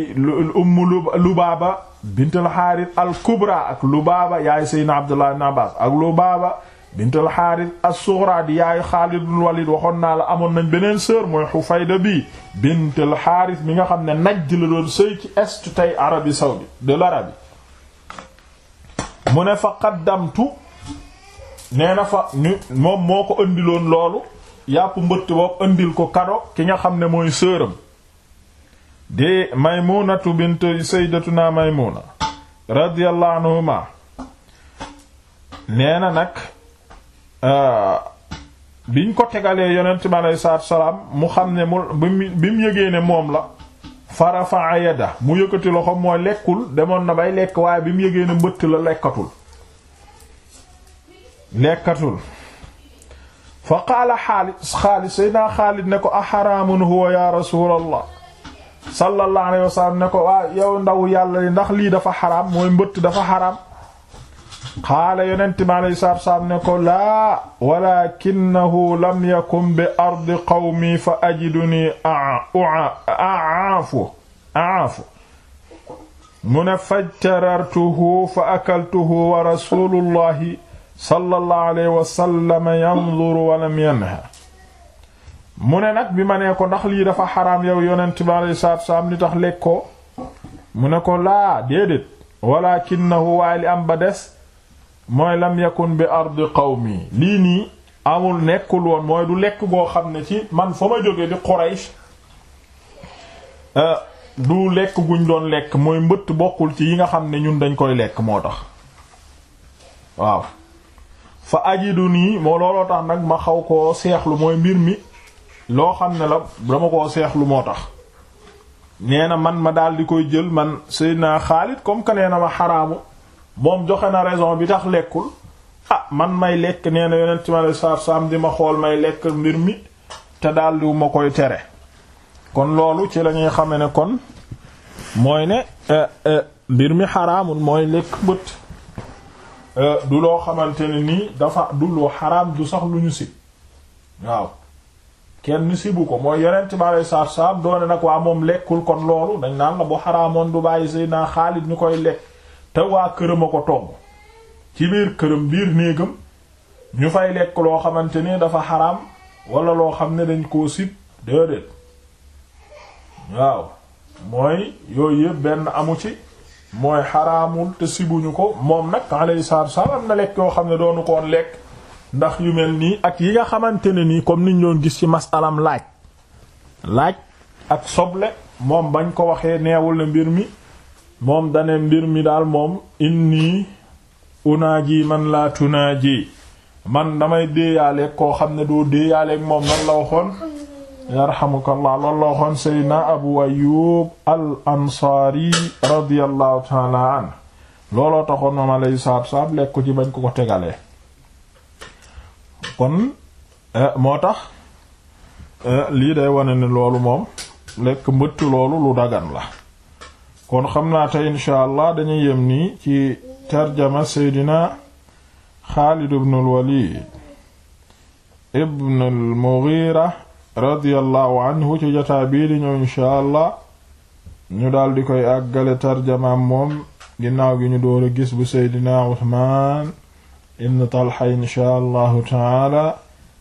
ummu lubaaba bintul xaaris al kubra ak lubaaba yaay seydna abdullah ibn abbas ak lubaaba bintul Xaaris as-Sughra yaayu Xaalidul Walid waxoon naa la amoon nañ beneen sœur mooy Xufayda bi bintul Xaaris mi nga xam ne Najd la doon sëy ci est tey Arabie saoudite de l'Arabie mu ne fa qaddamtu nee na fa moom moo ko indiloon loolu yàpp mbëtt boobu indil ko kado ki nga xam ne mooy sœuram di Maymunatu bint sayyidatuna Maymuna radiyallahu anhuma nee na nag Euh, biñ ko tegalee yonent bi aleyhi salaatu salaam mu xam ne mu bi mu yëgee ne moom la farafa yada mu yëkkati loxo mooy lekkul demoon na bay lekk waaye bi mu yëgee ne mbëtt la lekkatul lekkatul fa qaala xaalid xaalid sayyidina xaalid ne ko a xaraamun huwa ya rasulallah sallallahu wa sallam ne ko waa yow ndawu yàlla li ndax lii dafa xaraam mooy mbëtt dafa xaraam qaala yonent mi alayhi salaatu salaam ne ko laa walakinahu lam yakun bi ardi qawmi fa ajiduni a'aafu a'aafu mu ne fajtarartuhu fa akaltuhu wa rasulullahi sallallahu alayhi wa sallam yanzuru wa lam yanha mu ne nag bi ma nee ko ndax lii dafa xaraam yow yonent bi alayhi salaatu salaam li tax lekkoo mu ne ko laa déedéet walakinahu waaye li am ba des mooy lam yakun bi xaw qawmi lii nii amul nekkul woon mooy du lekk goo xam ne ci man fa ma jóge di Quraysh euh, du lekk guñ doon lekk mooy mbëtt bokkul ci yi nga xam ne ñun dañ koy lekk moo tax waaw fa ajidu nii moo looloo tax nag ma xaw ko seexlu mooy mbir mi loo xam ne la dama ko seexlu moo tax nee na man ma daal di koy jël man naa Xaalid comme que nee na ma xaraamu moom joxe na raison bi tax lekkul ah man may lekk nee na yonent mi alei salatu salaam di ma xool may lekk mbir mi te daldi ma koy tere kon loolu ci la ñuy xame ne kon mooy ne eh, eh, mbir mi xaraamul mooy lekk bët eh, du loo xamante ne nii dafa du loo xaraam du sax lu ñu sib waaw kenn sibu ko mooy yeneen bi alei salatu salaam doone nag waa moom lekkul kon loolu dañ naan la bu xaraamoon du bàyyi Seydina Xaalid ñu koy lekk te waa këram a ko togg ci biir këram biir néegam ñu fay lekk loo xamante ni dafa xaram walla loo xam ne dañ koo sib déedéet waaw mooy yooyu yëpp benn amu ci mooy xaraamul te sibuñu ko moom nag alayhi salaatu salaam am na lekk yoo xam ne doonu koon lekk ndax yu mel nii ak yi nga xamante ne nii comme niñ doon gis ci masalam laaj laaj ak soble moom bañ ko waxee neewul na mbir mi moom dane mbir mi daal moom inni unaaji man laa tunaaji man damay déeyaaleeg koo xam ne doo déeyaaleeg moom lan la waxoon yarhamukallah loolu la waxoon seydna abu ayub al ansaari radiallahu taala an looloo taxoon moom alayhi salaatu wasalaam lekk ko ci bañ ko ko tegalee kon eh, moo tax eh, lii day wane ne loolu moom lekk mbëtt loolu lu dagan la kon xam naa tey allah dañuy yem nii ci tarjama seydina xaalid ibn al-walid ibn al-mughira anhu ci jotaa bii di ñëw allah ñu daal koy àggale tarjamaam moom ginnaaw gi ñu door a gis bu seydina uthman ibn talha incha allahu taala